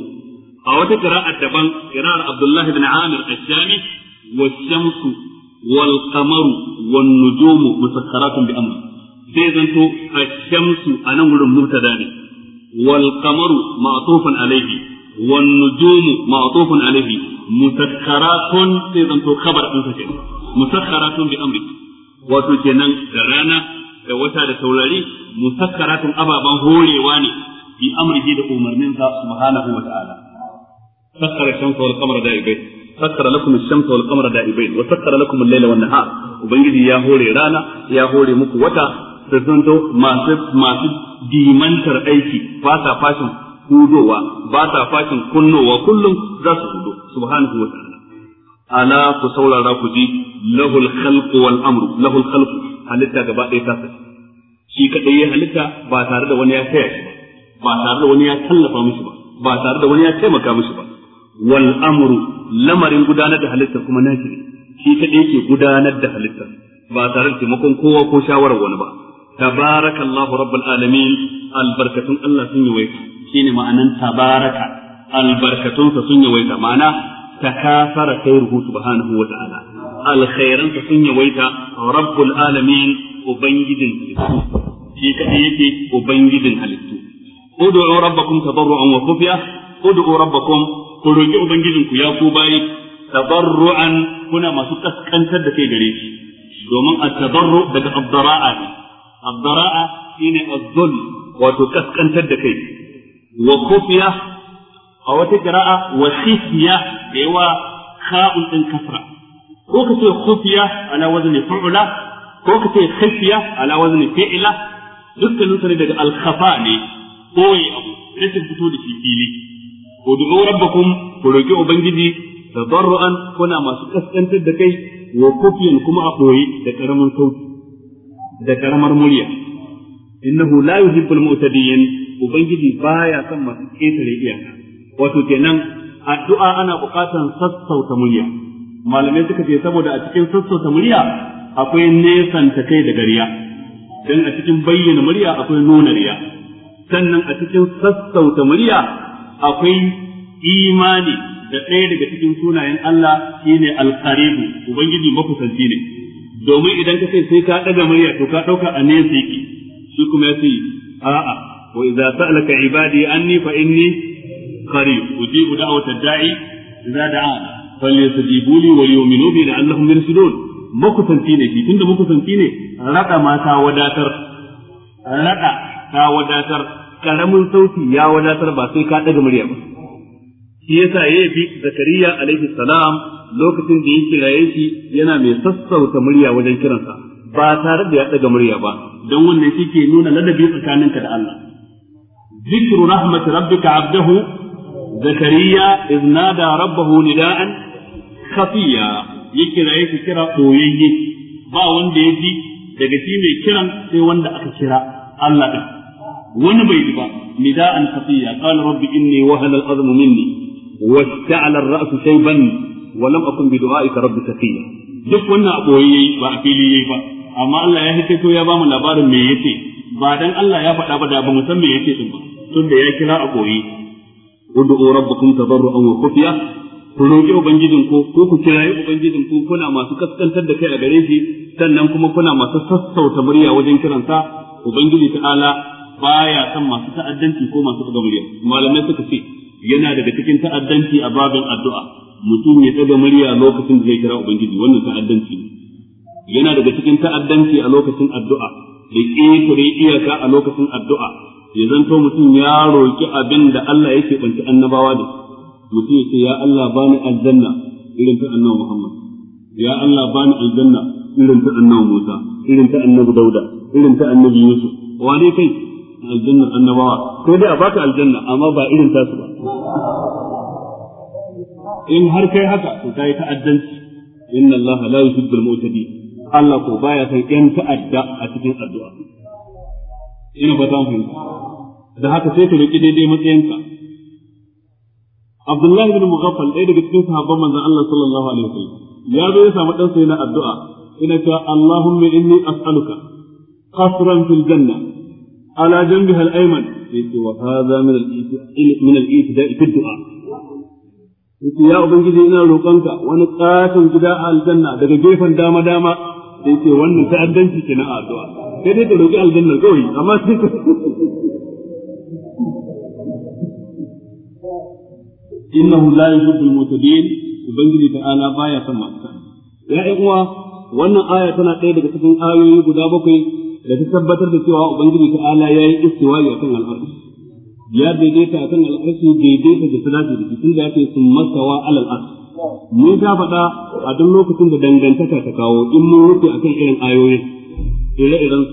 a wata qira'a daban qira'ar Abdullah ibn Amir al-Shami wash-shamsu wal-qamaru wan-nujumu musakkaratun bi amri sai zanto ash-shamsu anan gurin mubtada ne wal-qamaru ma'tufun alayhi wan-nujumu ma'tufun alayhi musakkaratun sai zanto khabar din sa kenan musakkaratun bi amri wato kenan da rana da wata da taurari musakkaratun ababan horewa ne bi amrihi da umarninsa subhanahu wa ta'ala sakkara shamsa wal qamara da'ibai sakkara lakum ash-shamsa wal qamara da'ibai wa sakkara lakum al laila wan nahar ubangiji ya hore rana ya hore muku wata da zanto masu masu dimantar aiki ba sa fashin hudowa ba sa fashin kunnowa kullum za su hudo subhanahu wa ta'ala ala ku saurara ku ji lahul khalqu wal amru lahul khalqu halitta gaba ɗaya ta shi kadai ya halitta ba tare da wani ya taya shi ba. ba tare da wani ya tallafa musu ba ba tare da wani ya taimaka musu ba wal amru lamarin gudanar da halittar kuma nashi ne shi kadai ke gudanar da halittar ba tare da taimakon kowa ko shawarar wani ba tabarakallahu rabbul alamin albarkatun Allah sun yi waita shine ma'anan tabaraka sa sun yi waita ma'ana takasara khairuhu subhanahu wa ta'ala sa sun yi waita rabbul alamin ubangijin halittu shi kadai yake ubangijin halittu ud'u rabbakum tadarruan wa khufiya ud'u rabbakum ku roki ubangijinku ya ku bayi tadarruan kuna masu kaskantar da kai gare shi domin at-tadarru daga abdara'a ne abdara'a shine az-zul wato kaskantar da kai wa a wata qira'a wa khifiya da yawa kha'un din kasra ko kace khufiya ko kace dukkanin daga alkafa ne Kowai abu rashin fito da shi fili ud'u rabbakum ku roki ubangiji tadarruan kuna masu kaskantar da kai wa kufiyan kuma a koyi da karamin sauti da karamar murya innahu la yuhibbul mu'tadiyin ubangiji baya son masu ketare iyaka wato kenan addu'a ana bukatan sassauta murya malamai suka ce saboda a cikin sassauta murya akwai nesan ta kai da gariya dan a cikin bayyana murya akwai nuna riya sannan a cikin sassauta murya akwai imani da ɗaya daga cikin sunayen Allah shine alqaribu ubangiji mafusanci ne domin idan ka sai sai ka ɗaga murya to ka ɗauka a nesa yake shi kuma ya sai a'a wa idza sa'alaka ibadi anni fa inni qarib ujibu da'wata da'i idza da'ana falyastajibu li wa yu'minu bi annahum mursalun makusanci ne shi tunda makusanci ne rada mata wadatar rada ta wadatar karamin sauti ya wadatar ba sai ka daga murya ba shi yasa ya bi zakariya alaihi salam lokacin da ya kiraye shi yana mai sassauta murya wajen kiransa ba tare da ya daga murya ba don wannan shi ke nuna ladabi tsakaninka da Allah ذكر رحمة ربك zakariya iznada إذ نادى ربه نداء shi kira يكرا Ba wanda ya ji daga shi mai kiran sai wanda aka kira Allah din wani bai ji ba nida'an khatiya qala rabbi inni wahala al-azm minni wasta'ala ar-ra'su shayban wa lam akun bi du'aika rabbi taqiya duk wannan aboye yayi ba a fili yayi ba amma Allah ya hikaito ya ba mu labarin me yace ba dan Allah ya faɗa ba da ba mu san me yace din ba tunda ya kira a koyi ud'u rabbakum tadarruan wa khufiya ku roƙi ubangijin ku ko ku kirayi ubangijin ku kuna masu kaskantar da kai a gare shi sannan kuma kuna masu sassauta murya wajen kiransa ubangiji ta'ala baya son masu ta'addanci ko masu ɗaga murya malamai suka ce yana daga cikin ta'addanci a babin addu'a mutum ya ɗaga murya lokacin da zai kira ubangiji wannan ta'addanci ne yana daga cikin ta'addanci a lokacin addu'a da ƙetare iyaka a lokacin addu'a ya zanto mutum ya roƙi abin da Allah yake ɓanci annabawa da mutum ya ce ya Allah bani aljanna irin ta annabi Muhammad ya Allah bani aljanna irin ta annabi Musa irin ta annabi Dauda irin ta annabi Yusuf wane kai Aljanna, annabawa ko dai a baka aljanna amma ba irin tasu ba in har kai haka to yi ta'addanci inna allaha la yuhibbu al-mu'tadin Allah ko baya san yan ta'adda a cikin addu'a ina ba ta fahimta da haka sai ka roki daidai matsayinka Abdullah ibn Mughaffal ɗaya daga cikin sahabban manzon Allah sallallahu alaihi wasallam ya zo ya samu dan sai na addu'a ina cewa Allahumma inni as'aluka qasran fil janna ala janbiha al-ayman yace wa hadha min al-min al-itida fi du'a yace ya ubangiji ina roƙonka wani katon gida a aljanna daga gefen dama dama sai ce wannan ta'addanci kenan a addu'a sai dai ka roƙi aljanna kawai amma sai ka innahu la yuhibbul mutadin ubangiji ta'ala baya son masu uwa wannan aya tana ɗaya daga cikin ayoyi guda bakwai da ta tabbatar da cewa ubangiji ta ala ya yi a akan al'arfi ya daidaita akan al'arshi daidaita da salatu da jikin da yake sun masawa alal arshi ni ta faɗa a duk lokacin da dangantaka ta kawo in mun rufe akan irin ayoyin ire-iren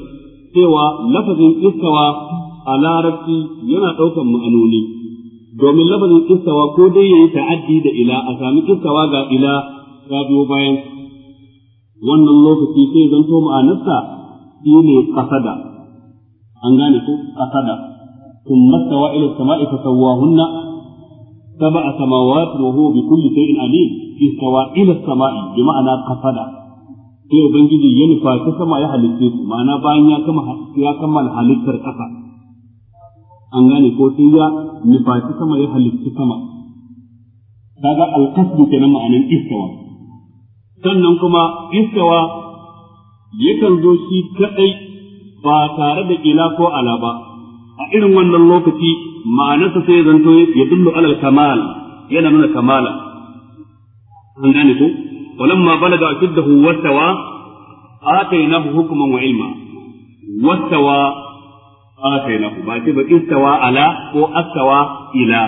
cewa lafazin istawa a larabci yana ɗaukar ma'anoni domin lafazin istawa ko dai ya yi ta'addi da ila a sami istawa ga ila ta biyo bayan wannan lokaci sai zanto ma'anarsa shi ne kasada an gane ko kasada kun wa ila sama'i fa sawwahunna sab'a samawat wa huwa bi kulli shay'in alim istawa ila sama'i bi ma'ana kasada sai ubangiji ya nufa ta sama ya halitta su ma'ana bayan ya kama ya kammala halittar kasa an gane ko sai ya nufa ta sama ya halitta sama kaga al kenan ma'anan istawa sannan kuma istawa yakan zo shi kadai ba tare da ila ko ala ba a irin wannan lokaci ma'anarsa sai zanto ya dullu alal kamal yana nuna kamala an gane ko walamma balaga ashiddahu wattawa atainahu hukman wa ilma wattawa atainahu ba ce ba istawa ala ko astawa ila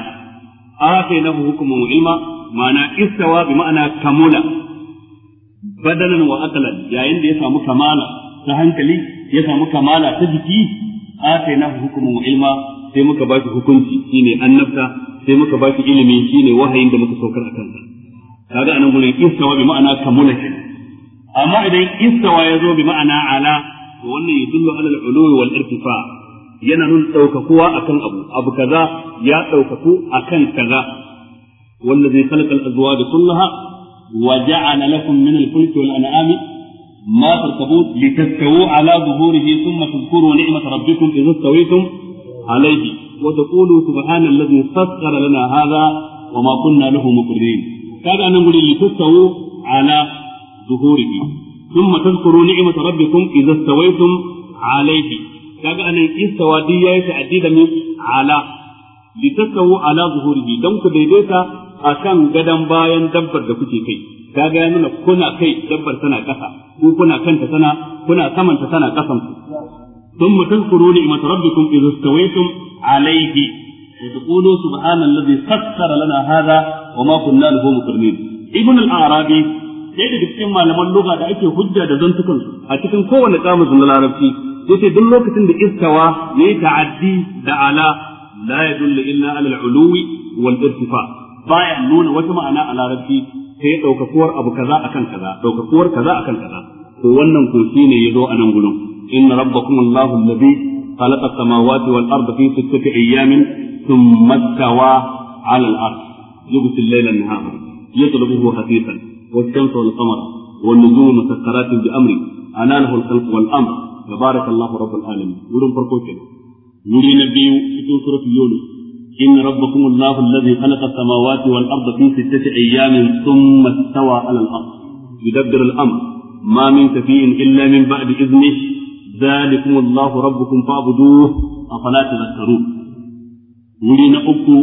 atainahu hukman wa ilma ma'ana istawa bi ma'ana kamula badanan wa aqlan yayin da ya samu kamala ta hankali ya samu kamala ta jiki atainahu hukmun wa ilma sai muka ba shi hukunci shine annabta sai muka ba shi ilimi shine wahayin da muka saukar akan sa kaga anan gurin istawa bi ma'ana kamula amma idan istawa ya zo bi ma'ana ala to wannan yadullu ala al-ulu wal irtifa yana nun daukakuwa akan abu abu kaza ya daukaku akan kaza zai khalaqa al da kullaha وجعل لكم من الفلك والأنعام ما تركبون لتستووا على ظهوره ثم تذكروا نعمة ربكم إذا استويتم عليه وتقولوا سبحان الذي سخر لنا هذا وما كنا له مقرين كان أنا نقول لتستووا على ظهوره ثم تذكروا نعمة ربكم إذا استويتم عليه كان أنا استوى دي يتعديد من على لتستووا على ظهوره دونك ديديتا akan gadon bayan dabbar da kuke kai kaga ya nuna kuna kai dabbar tana ƙasa ko kuna kanta tana kuna samanta tana ƙasan sun ثم تذكروا نعمة ربكم إذ استويتم عليه وتقولوا سبحان الذي سخر لنا هذا وما كنا له مقرنين ابن الأعرابي ɗaya daga cikin malaman lugha da ake hujja da zantukan a cikin kowanne kamusin na larabci yace duk lokacin da istawa yayi ta'addi da ala la yadullu illa ala al-uluwi wal irtifa' baya nuna wata ma'ana a larabci sai daukakuwar abu kaza akan kaza daukakuwar kaza akan kaza to wannan ko shine yazo a nan gurin inna rabbakum allahu alladhi khalaqa as-samawati wal arda fi sittati ayyamin thumma istawa 'ala al-arsh yughsil layla an-nahara yatlubuhu hasitan والشمس والقمر والنجوم مسخرات بأمره أنا له الخلق والأمر تبارك الله رب العالمين ورم فرقوكنا يرينا بيو cikin سورة يونس إن ربكم الله الذي خلق السماوات والأرض في ستة أيام ثم استوى على الأرض يدبر الأمر ما من شفيع إلا من بعد إذنه ذلكم الله ربكم فاعبدوه أفلا تذكرون ولين أكو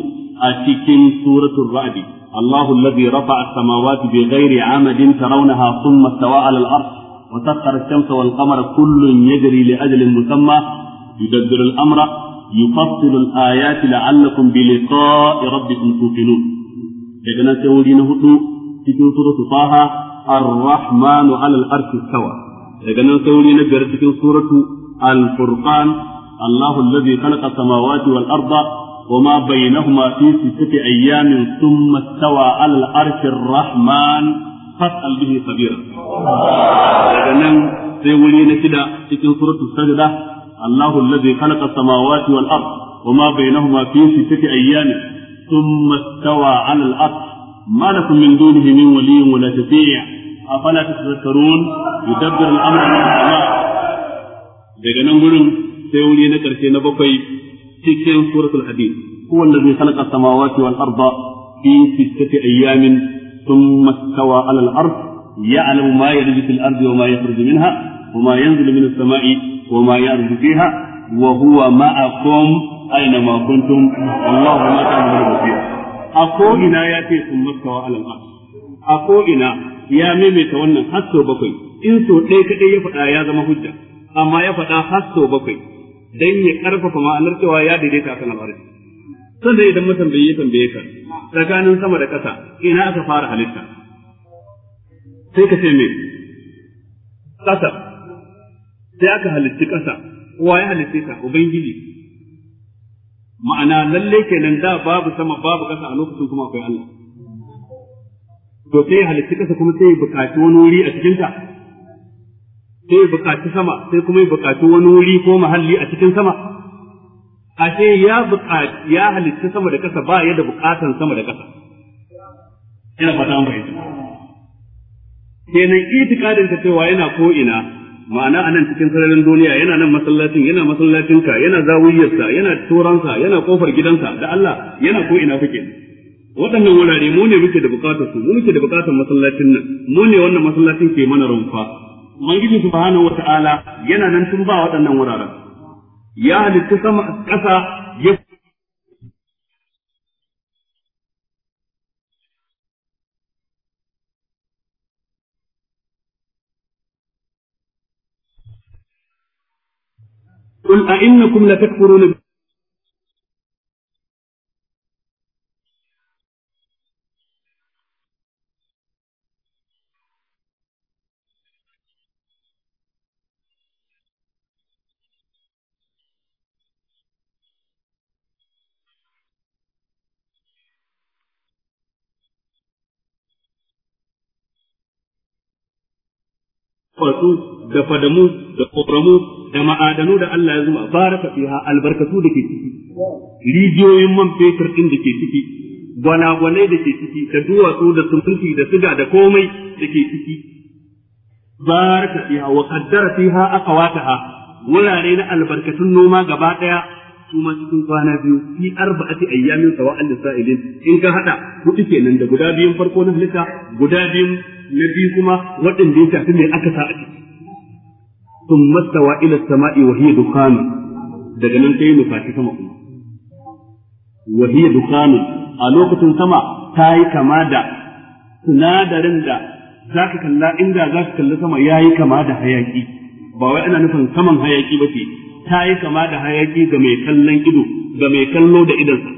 أتكن سورة الرعد الله الذي رفع السماوات بغير عمد ترونها ثم استوى على الأرض وسخر الشمس والقمر كل يجري لأجل مسمى يدبر الأمر يفصل الآيات لعلكم بلقاء ربكم توقنون daga nan sai wuri na hudu cikin suratu taha ar-rahmanu ala al-arsh istawa daga sai wuri na biyar cikin suratu al-furqan Allahu alladhi khalaqa samawati wal arda wama bainahuma fi sittati ayyamin thumma istawa ala al bihi sabira sai na shida cikin suratu sajda الله الذي خلق السماوات والأرض وما بينهما في ستة أيام ثم استوى على الأرض ما لكم من دونه من ولي ولا شفيع أفلا تتذكرون يدبر الأمر من السماء daga nan gurin sai wuri na karshe na bakwai cikin suratul hadid huwa allazi khalaqa as-samawati wal arda fi sittati ayyamin thumma istawa 'ala al-ard ya'lamu ma yalju fil ardi wa ma yakhruju minha wa ma yanzilu min as-sama'i وما يعرض فيها وهو معكم أينما كنتم الله ما تعملون بصير أكو إنا يأتي ثم استوى الأرض أكو إنا يا ميمي تونن حتى بقي إنسو سو ɗaya kaɗai يا زم حجة أما يفتا amma ya دين يقرف فما bakwai don ya ƙarfafa الأرض sanda idan mutum bai yi tambaye ka tsakanin sama da ƙasa ina aka fara halitta sai ka ce me ƙasa sai aka halitti ƙasa kowa ya halitte ta ubangiji ma'ana lalle kenan da babu sama babu ƙasa a lokacin kuma akwai Allah to sai halitti ƙasa kuma sai buƙaci wani wuri a cikin ta sai buƙaci sama sai kuma buƙaci wani wuri ko mahalli a cikin sama ashe ya buƙaci ya halitti sama da ƙasa ba ya da buƙatan sama da ƙasa ina fata an bayyana kenan itikadin ta cewa yana ko ina ma'ana anan cikin sararin duniya yana nan masallacin yana masallacinka yana zawiyarsa yana turansa yana kofar gidansa da Allah yana ko ina kake waɗannan wurare mu ne muke da bukatar su mu muke da buƙatar masallacin nan mu ne wannan masallacin ke mana rumfa ubangiji subhanahu wata'ala yana nan tun ba waɗannan wuraren ya halitta sama ƙasa ya قل أئنكم لتكفرون بي قاتل da fadamu da koramu da ma'adanu da Allah ya zuma baraka fiha albarkatu da ke ciki rijiyoyin man fetur din da ke ciki gwanagwanai da ke ciki da duwatsu da sumunci da siga da komai da ke ciki baraka fiha wa qaddara fiha aqwataha wurare na albarkatun noma gaba daya su ma cikin kwana biyu fi arba'ati ayyamin sawa'al sailin in ka hada hudu kenan da guda biyun farko na halitta guda biyun na biyu kuma waɗanda ya tafi mai aka sa a ciki sun mastawa ila sama'i wa hiya dukkanu. daga nan sai nufaci sama kuma wa hiya dukkanu a lokacin sama ta yi kama da sinadarin da za ka kalla inda za ka kalli sama ya yi kama da hayaki ba wai ana nufin saman hayaki ba ce ta yi kama da hayaki ga mai kallon ido ga mai kallo da idonsa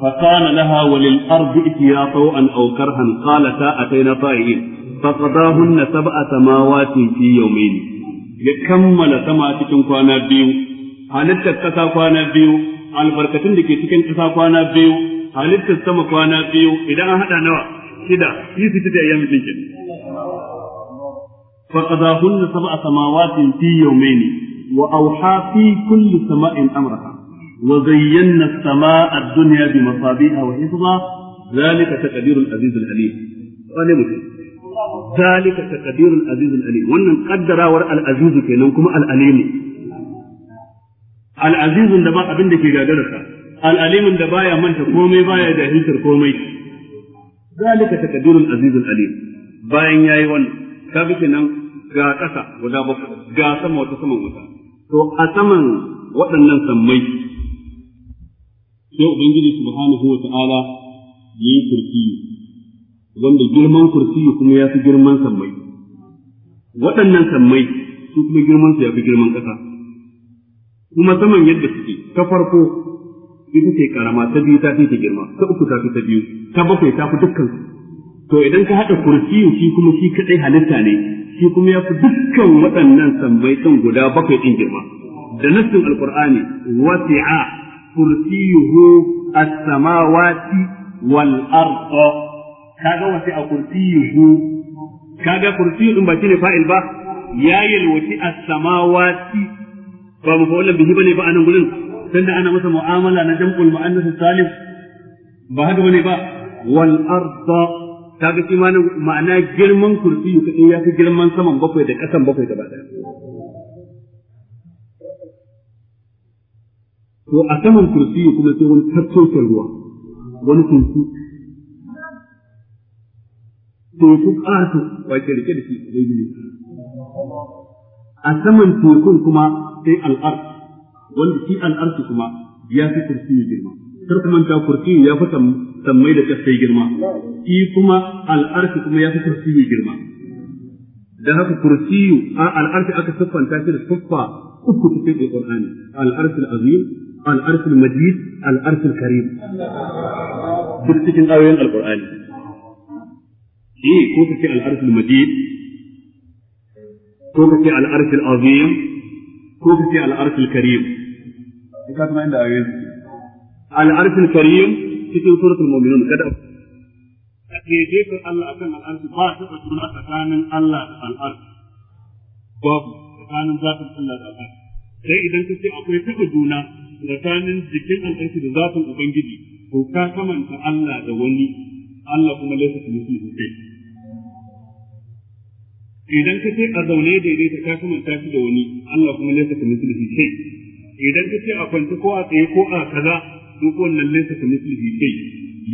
فقال لها وللأرض ائتيا طوعا أو كرها قالتا أتينا طائعين faqadahunna sab'a samawati fi yawmayn ya kammala sama cikin kwana biyu halitta kasa kwana biyu albarkatun da cikin kasa kwana biyu halitta sama kwana biyu idan an hada nawa shida yi su tida ayyamin cikin faqadahunna sab'a samawati fi yawmayn wa awha fi kulli sama'in amraha وزينا السماء الدنيا بمصابيح وحفظا ذلك تقدير العزيز العليم. وأنا مسلم. zalika taqdirul azizul alim wannan kaddarawar al aziz kenan kuma al alim al da ba abin da ke gagararsa al alim da baya manta komai baya jahiltar komai zalika taqdirul azizul alim bayan yayi wannan kaga kenan ga kasa guda bakwai ga sama wata saman wata to a saman waɗannan sammai sai ubangiji subhanahu wa ta'ala yayi kursiyi wanda girman kursiyi kuma ya fi girman sammai waɗannan sammai su kuma girman su ya fi girman ƙasa kuma saman yadda suke ta farko ita ce karama ta biyu ta fi ta girma ta uku ta fi ta biyu ta bakwai ta fi dukkan to idan ka haɗa kursiyin shi kuma shi kaɗai halitta ne shi kuma ya fi dukkan waɗannan sammai ɗin guda bakwai ɗin girma da nassin alƙur'ani wasi'a kursiyuhu as-samawati wal ardh kaga wasi a kursiyuhu kaga kursiyu din ba shine fa'il ba ya yalwaci as-samawati ba mafa'ulan bihi bane ba anan gurin tunda ana masa mu'amala na jam'ul mu'annas salim ba haka bane ba wal arda kaga shi ma ma'ana girman kursiyu kadai ya fi girman saman bakwai da kasan bakwai gaba daya to a saman kursiyu kuma sai wani tattautar ruwa wani kuntu teku ƙato wa ke rike da shi ubangiji a saman tekun kuma sai al'ar wanda shi su kuma ya fi ne girma kar kuma ta kursi ya fi sammai da kasai girma shi kuma su kuma ya fi ne girma da haka kursi a su aka siffanta shi da siffa uku cikin al'ar su azim al'arsu majid al'arsu karim duk cikin ayoyin alqur'ani eh ko ka ce al-arshul ko ka ce al-arshul azim ko cikin suratul mu'minun kada a ke Allah akan al ba ta tsuna tsakanin Allah da tsakanin Allah da sai idan ka ce akwai taka juna tsakanin jikin al'arshi da zafin Ubangiji, to ka kamanta Allah da wani, Allah kuma laifin mutum sosai. idan ka ce a zaune daidaita kafin mai tashi da wani Allah kuma laysa ka mislihi shay idan ka ce a kwance ko a tsaye ko a kaza duk wannan laysa ka mislihi shay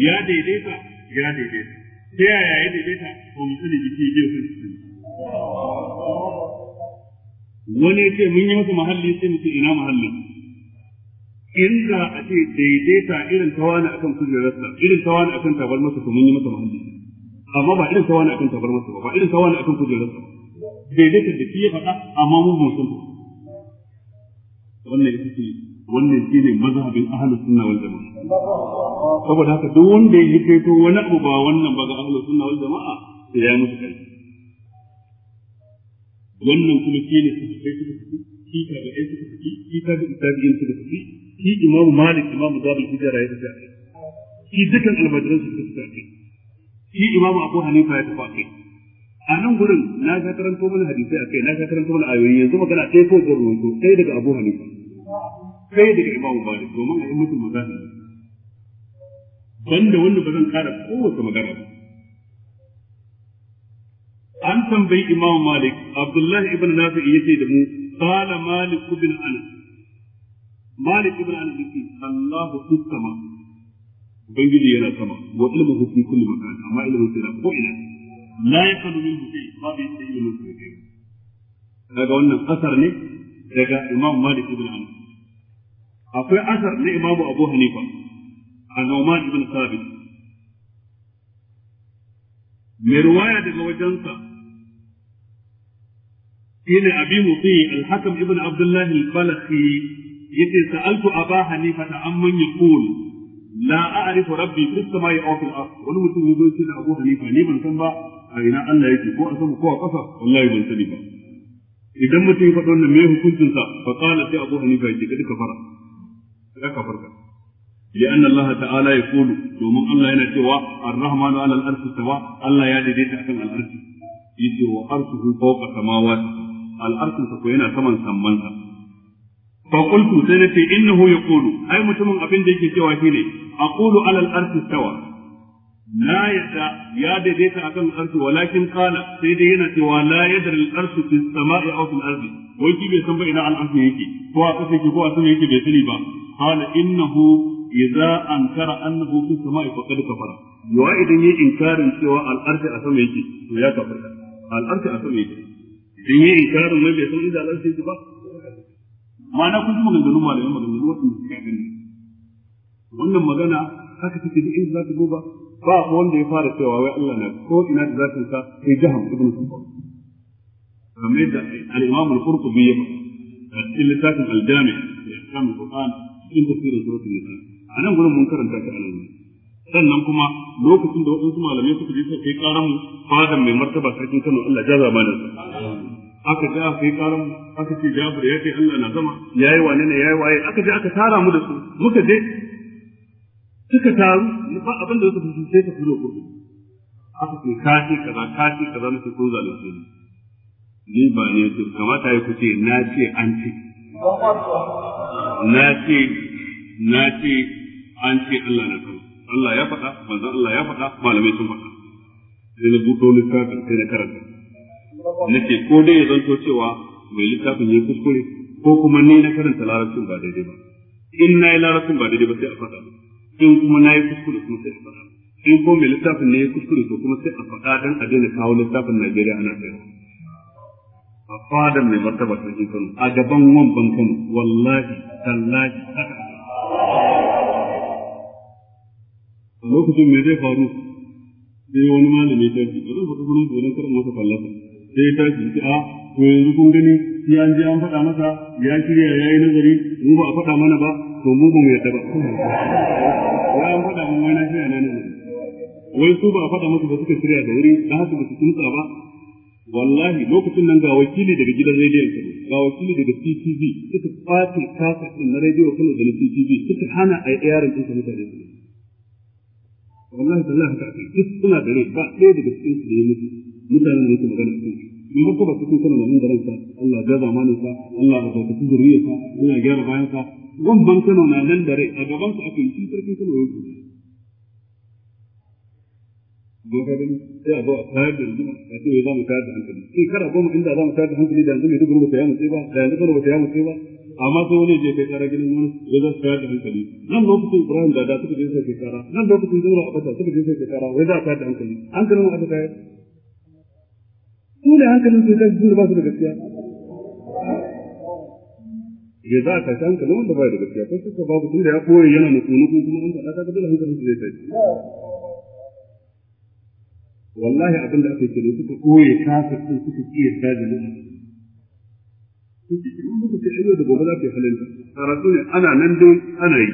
ya daidaita ya daidaita ta yaya ya daidaita ko shi shay bai san wani ce mun yi masa mahalli sai mu ce ina mahalli za a ce daidaita irin tawana akan kujerarsa irin tawana akan tabar masa to mun yi masa mahalli amma ba irin sawa ne akan tabar masa ba ba irin sawa ne akan kujerar sa daidai da shi ya faɗa amma mun ban sun wannan ita wannan shi ne mazhabin ahlus sunna wal jama'a saboda haka duk wanda ya yi kaito wani abu ba wannan ba ga ahlus sunna wal jama'a da ya musu kai wannan kuma shi ne su kai su shi ka ga ai su ki shi ka ga tabi'in su ki shi imamu malik imamu zabul hijra ya ta shi dukan almajiran su ta tafi shi imamu abu hanifa ya tafi akai a nan gurin na sha karanto mana hadisai akai na sha karanto mana ayoyi yanzu magana sai ko zan ruwanto sai daga abu hanifa sai daga imamu malik domin a yi mutum magana banda wanda ba zan kara kowace magana ba an tambayi imamu malik abdullahi ibn nafi'i yace da mu qala malik ibn anas malik ibn anas yace allahu fis sama' ubangiji yana sama wa ilmuhu fi kulli makan amma ilmuhu sai ko ina la yakunu min shay babu yadda ilmuhu sai kai daga wannan asar ne daga imam malik ibn anas akwai asar na imam abu hanifa a umar ibn sabit mai ruwaya daga wajensa shine abi muti al-hakam ibn abdullah al-balakhi yace sa'altu aba hanifa ta amman yaqul la a'rifu rabbi fis samai aw fil ard wani mutum yazo ce da Abu Hanifa ni ban san ba a ina Allah yake ko a sama ko a ƙasa wallahi ban sani ba idan mutum ya faɗa wannan me hukuncin sa fa qala sai Abu Hanifa yake kada ka fara kada ka farka لأن الله تعالى يقول دوم الله ينا سوى الرحمن على الأرض سواء الله يا دي تحكم الأرض يجي وأرضه فوق السماوات الأرض تكون سمن سمنها fa qultu sai nace innahu yaqulu ai mutumin abin da yake cewa shine A ala al-arshi tawa la yada ya daidaita akan arshi walakin qala sai dai yana cewa la yadri al-arshu fi samai aw fil ardi wai shi bai san ba ina al-arshi yake ko a kasa yake ko a sama yake bai sani ba qala innahu idza ankara annahu fi samai faqad kafara yawa idan yayi a sama to ya a sama idan bai san ba ma'ana kun ji maganganu malamai maganganu waɗanda suka gani wannan magana haka take da inda za ta duba ba wanda ya fara cewa wai Allah na ko ina da zatin sa sai jaham ibn Sufyan kamar yadda al-Imam al-Qurtubi ya faɗa a cikin littafin al-Jami' da Ahkam al-Qur'an cikin tafsirin surat an-Nisa anan gurin mun karanta ta anan sannan kuma lokacin da waɗansu malamai suka je suka kai ƙaran mu fadan mai martaba sarkin Kano Allah jaza mana aka ji aka yi karan aka ce jabir ya ce Allah na zama. Ya yi wane ne yayi waye aka je aka tara mu da su muka je suka taru mu ba abin da suka fi sai ka fulo kurdu aka ce ka kaza kashi kaza na ko zalunce ne ni ba ne to kamata ya kuce na ce an ce na ce na ce an ce Allah na zama. Allah ya faɗa manzo Allah ya faɗa malamai sun faɗa sai na buɗo littafin sai na karanta nake ko dai ya zanto cewa mai littafin ya kuskure ko kuma ni na karanta larabcin ba daidai ba in na yi larabcin ba daidai ba sai a faɗa in kuma na yi kuskure kuma sai a faɗa in ko mai littafin ne ya kuskure to kuma sai a faɗa dan a daina kawo littafin Najeriya ana tsaye a fadar mai martaba cikin Kano a gaban ban Kano wallahi tallahi a lokacin me zai faru sai wani malami ta ce zan faɗi sunan su karin masa fallasa sai ta tashi a ah, to yanzu kun gani shi an je an faɗa masa ya shirya ya yi nazari mu ba a faɗa mana ba to mu ba mu yadda ba ya an faɗa mun wani shirya na nazari wai su ba a faɗa masa ba suka shirya da wuri dan haka ba su tunsa ba wallahi lokacin nan ga wakili daga gidan rediyon Kano ga wakili daga CTV suka kwace kasa din na rediyo Kano da na CTV suka hana a yaran din mutane wallahi tallahi haka ake duk suna da rai ba ɗaya daga cikin su da ya mutu mutanen da yake magana cikin in ba ko ba cikin kana nan da ranka Allah ya zama ne ka Allah ya bauta ku zuriya ka ya gyara bayan ka gumban kana na nan dare. rai a gaban su aka yi shi sarkin kana yau gobe gani sai a zo a tayar da rigima a ce za mu tayar da hankali in eh, kara goma inda za mu tayar da hankali da yanzu mai duk rubuta ya mutu ba da yanzu rubuta ya mutu ba amma sai wani je kai kara gidan wani ya za su tayar da hankali nan lokacin ibrahim da da suka je sai kai kara nan lokacin zura abata suka je sai kai kara wai za a tayar da hankali hankalin aka tayar su ne hankalin su kan zuwa ba su da gaskiya ya za ka ta hankalin wanda ba da gaskiya ko suka babu tunda ya koyi yana nuku-nuku kuma an faɗa ka dole hankalin su zai tafi wallahi abin da aka kira suka koyi kafir din suka kiye sajin su ce in muka ce ayyau da gobe za ka yi halinta karatu ne ana nan don ana yi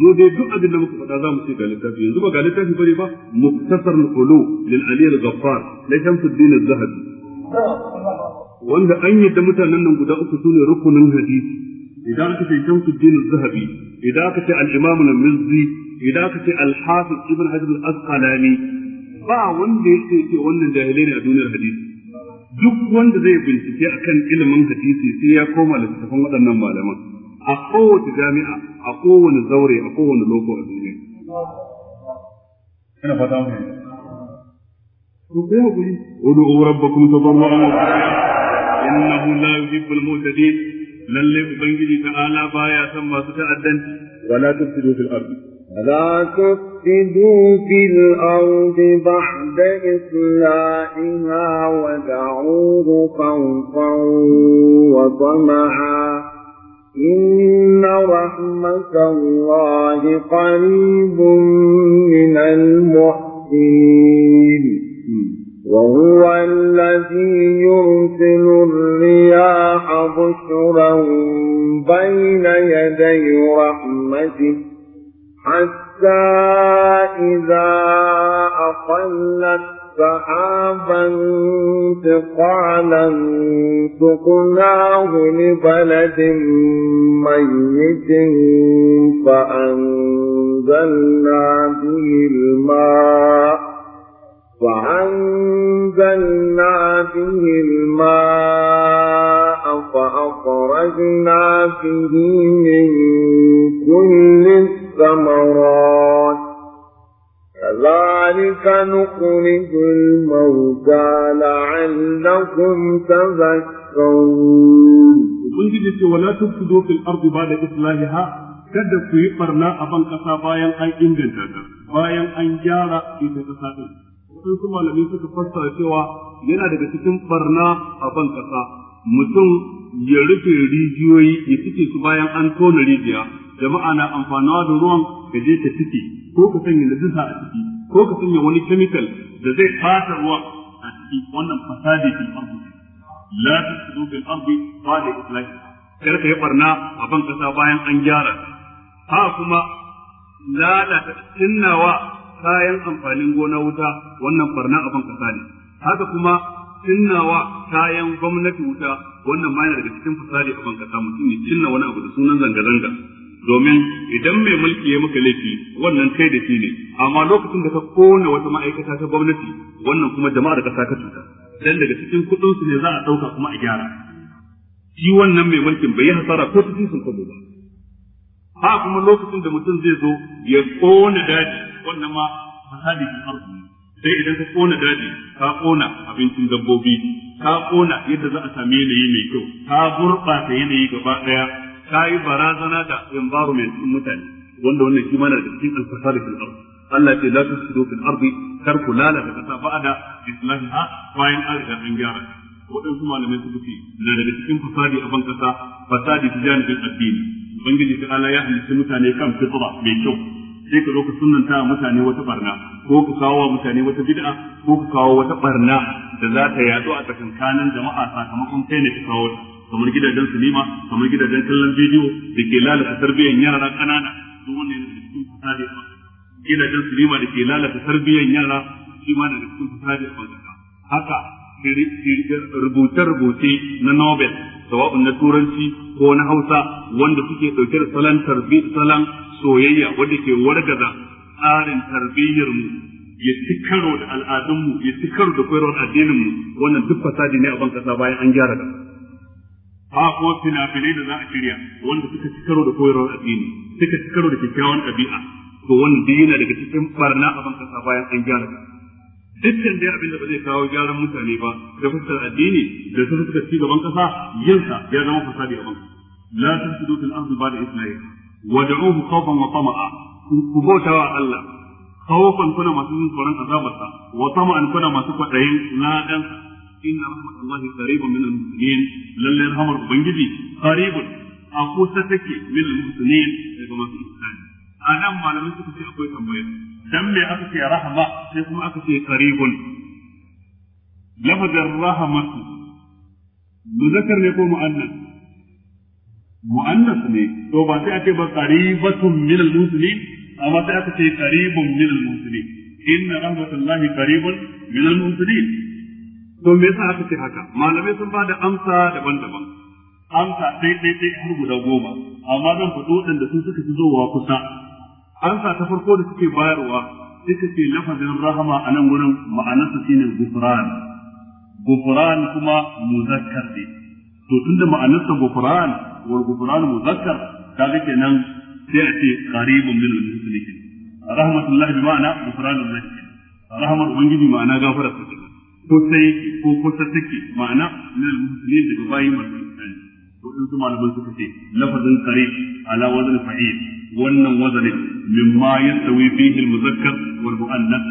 mu dai duk abin da muka faɗa za mu ce ga littafi yanzu ba ga littafi bane ba muktasar al-qulu lil ali al-ghaffar la shamsuddin zahabi wanda an yadda mutanen nan guda uku su ne rukunin hadisi idan aka ce shamsuddin az-zahabi idan aka ce al-imam al-mizzi idan aka ce al ibn hajar al-asqalani ba wanda yake ce wannan jahilai ne a duniyar hadisi duk wanda zai bincike akan ilimin hadisi sai ya koma littafin waɗannan malaman a kowace jami'a a kowane zaure a kowane loko a duniya ina fata Wani to kai hakuri ud'u rabbakum tadarruan innahu la yuhibbul mu'tadin lalle ubangiji ta'ala baya son masu ta'addanci wala tufsidu fil ardi ba, da في الأرض بعد إصلاحها ودعوه wa وطمعا إن رحمة الله قريب من المحسنين وهو الذي يرسل الرياح بشرا بين يدي رحمته حتى إذا أقلت سحابا ثقالا سقناه لبلد ميت فأنزلنا به الماء فأنزلنا به الماء فأخرجنا به من كل الثمرات كذلك نخرج الموتى لعلكم تذكرون ubangiji ce wala tufsidu fil ardi ba'da islahiha kada ku yi barna a ban kasa bayan an inganta ta bayan an gyara ita kasa din wadansu malamai suka fassara yana daga cikin ɓarna a ban ƙasa, mutum ya rufe rijiyoyi ya cike bayan an tona rijiya jama'a na amfanawa da ruwan ka je ka ciki ko ka sanya najisa a ciki ko ka sanya wani chemical da zai fata ruwa a ciki wannan fasadi fil ardi la tasidu fil ardi ba'da islahi kar ka yi barna a ban kasa bayan an gyara ha kuma lalata cinnawa kayan amfanin gona wuta wannan barna a ban kasa ne haka kuma cinnawa kayan gwamnati wuta wannan ma yana daga cikin fasadi a ban samu mutum ne cinna wani abu da sunan zanga-zanga domin idan mai mulki ya maka laifi wannan kai da shi ne amma lokacin da ka kona wata ma'aikata ta gwamnati wannan kuma jama'ar ƙasa ka cuta dan daga cikin kuɗin su ne za a ɗauka kuma a gyara shi wannan mai mulkin bai yi hasara ko cikin sun ba ha kuma lokacin da mutum zai zo ya kona daji wannan ma fasadi ne ardi sai idan ka kona daji ka kona abincin dabbobi ka kona yadda za a sami yanayi mai kyau ka gurɓata yanayi gaba ɗaya ka yi barazana da environment din mutane wanda wannan shi mana daga cikin alfasari fil ard Allah ce la tusidu fil ard kar ku lalata kasa ba'ada islahiha bayan an riga an gyara waɗansu malamai suka ce na daga cikin fasadi a ban kasa fasadi ta janibin addini ubangiji ta ala ya halitta mutane kan fitra mai kyau sai ka zo ka sunanta mutane wata barna ko ku kawo mutane wata bid'a ko ku kawo wata barna da za ta yaɗu a tsakankanin jama'a sakamakon kai ne ka kawo ta kamar gidajen sinima kamar gidajen kallon bidiyo da ke lalata tarbiyyar yara kanana duk wannan yana cikin fasadi a gidajen sinima da ke lalata tarbiyyar yara shi ma da cikin fasadi a bangaren haka rubuce-rubuce na Nobel sawa'un na turanci ko na Hausa wanda suke ɗauke da salon salon soyayya wanda ke wargaza tsarin tarbiyyar mu ya ci karo da al'adunmu ya ci karo da koyarwar addininmu wannan duk fasadi ne a ban kasa bayan an gyara kasa ba ko filafilai da za a shirya wanda suka ci karo da koyarwar addini suka ci karo da kyakkyawan ɗabi'a to wannan duk yana daga cikin barna a bankan sa bayan an gyara dukkan dai abin da ba zai kawo gyaran mutane ba da fuskar addini da su suka ci gaban kasa yin sa ya zama fasadi a bankan la tafsidu fil ardi ba'da islahiha wad'uhu khawfan wa tama'a ku bautawa Allah khawfan kuna masu yin tsoron azabarsa wa tama'an kuna masu kwadayin na dan إن رحمة الله قريب من المسلمين لله يرحمه بنجدي قريب أقول ستكي من المسلمين كما في الإسلام أنا ما لم تكن أقول تنبيه دم أكتي رحمة اسم أكتي قريب لفظ الرحمة مذكر يكون مؤنث مؤنث ne to ba sai ake ba qaribatun min al-muslimin amma sai aka ce qaribun min al-muslimin inna rahmatullahi qaribun min al-muslimin to me yasa aka ce haka malamai sun ba da amsa daban-daban amsa dai dai dai har guda goma amma zan faɗo waɗanda sun suka fi zowa kusa amsa ta farko da suke bayarwa suka ce lafazin rahama a nan wurin ma'anarsa shine gufuran gufuran kuma muzakkar ne to da ma'anarsa gufuran wal gufuran muzakkar kaga kenan sai a ce karibun min wani muslimin rahmatullahi bi ma'ana gufranul rahim rahmar ubangiji ma'ana gafarar sa kusa yake ko kusa take ma'ana na al-muslimin daga bayi masu imani to in su malaman suka ce lafazin kare ala wazn fa'il wannan wazanin mimma yastawi fihi al-muzakkar wal mu'annath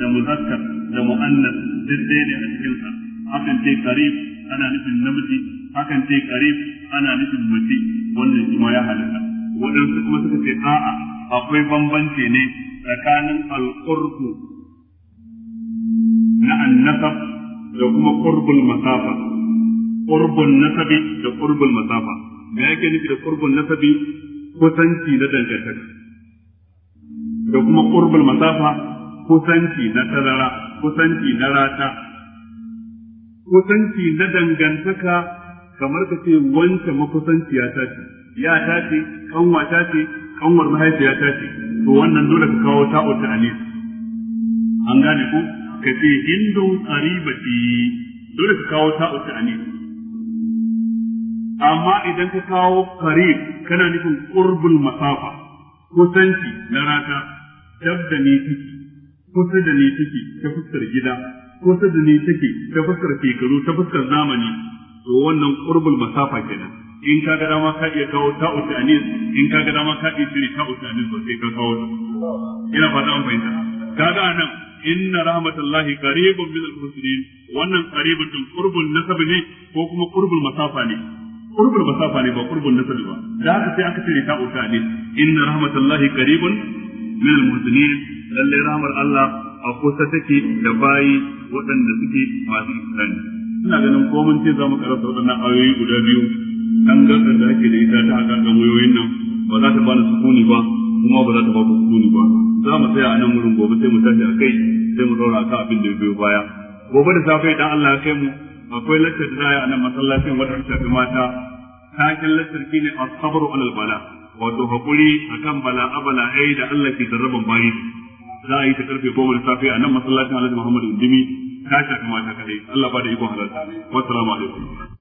da muzakkar da mu'annath duk dai ne a cikin sa hakan ce karib ana nufin namiji hakan ce karib ana nufin mace wannan shi ma ya halaka waɗansu kuma suka ce a'a akwai bambanci ne tsakanin al-qurbu النسب da kuma qurbul masafa qurbun nasabi da qurbul masafa me yake nufi da qurbun nasabi kusanci na dangantaka da kuma qurbul masafa kusanci na rata na dangantaka kamar ka ce wancan makusanciya ta ce ya ta ce kanwa kanwar mahaifiya ta ce to wannan dole ka kawo ta'o ta an gane ku ka ce hindun qaribati dole ka kawo ta uku ani amma idan ka kawo qarib kana nufin qurbul masafa kusanci na rata dab da ni take kusa da ne take ta fuskar gida kusa da ne take ta fuskar shekaru ta fuskar zamani to wannan qurbul masafa kenan in ka ga dama ka iya kawo ta uku anis in ka ga dama ka iya cire ta uku anis sai ka kawo ta ina fata an fahimta kaga nan inna rahmatallahi qaribun min al-muslimin wannan qaribatun qurbul nasab ne ko kuma qurbul masafa ne qurbul masafa ne ba qurbul nasab ba da haka sai aka tare ta uta ne inna rahmatallahi qaribun min al-muslimin lalle Allah a kusa take da bayi waɗanda suke masu islami ina ganin ko mun ce zamu karanta waɗannan ayoyi guda biyu dan gangan ake da ita ta hakan wayoyin nan ba za ta bani sukuni ba kuma ba za ta ba ku sukuni ba za mu tsaya a nan wurin gobe sai mu tashi a kai sai mu zaura ka abin da biyo baya gobe da safe idan Allah ya kai mu akwai lattar da ya a nan masallacin wadda fi mata takin lattar shine as-sabru alal bala wato hakuri akan bala abala ai da Allah ke jarraban bari za a yi ta karfe goma da safe a nan masallacin Alhaji Muhammad Indimi ta ta mata kai Allah ba da ikon halarta wassalamu alaikum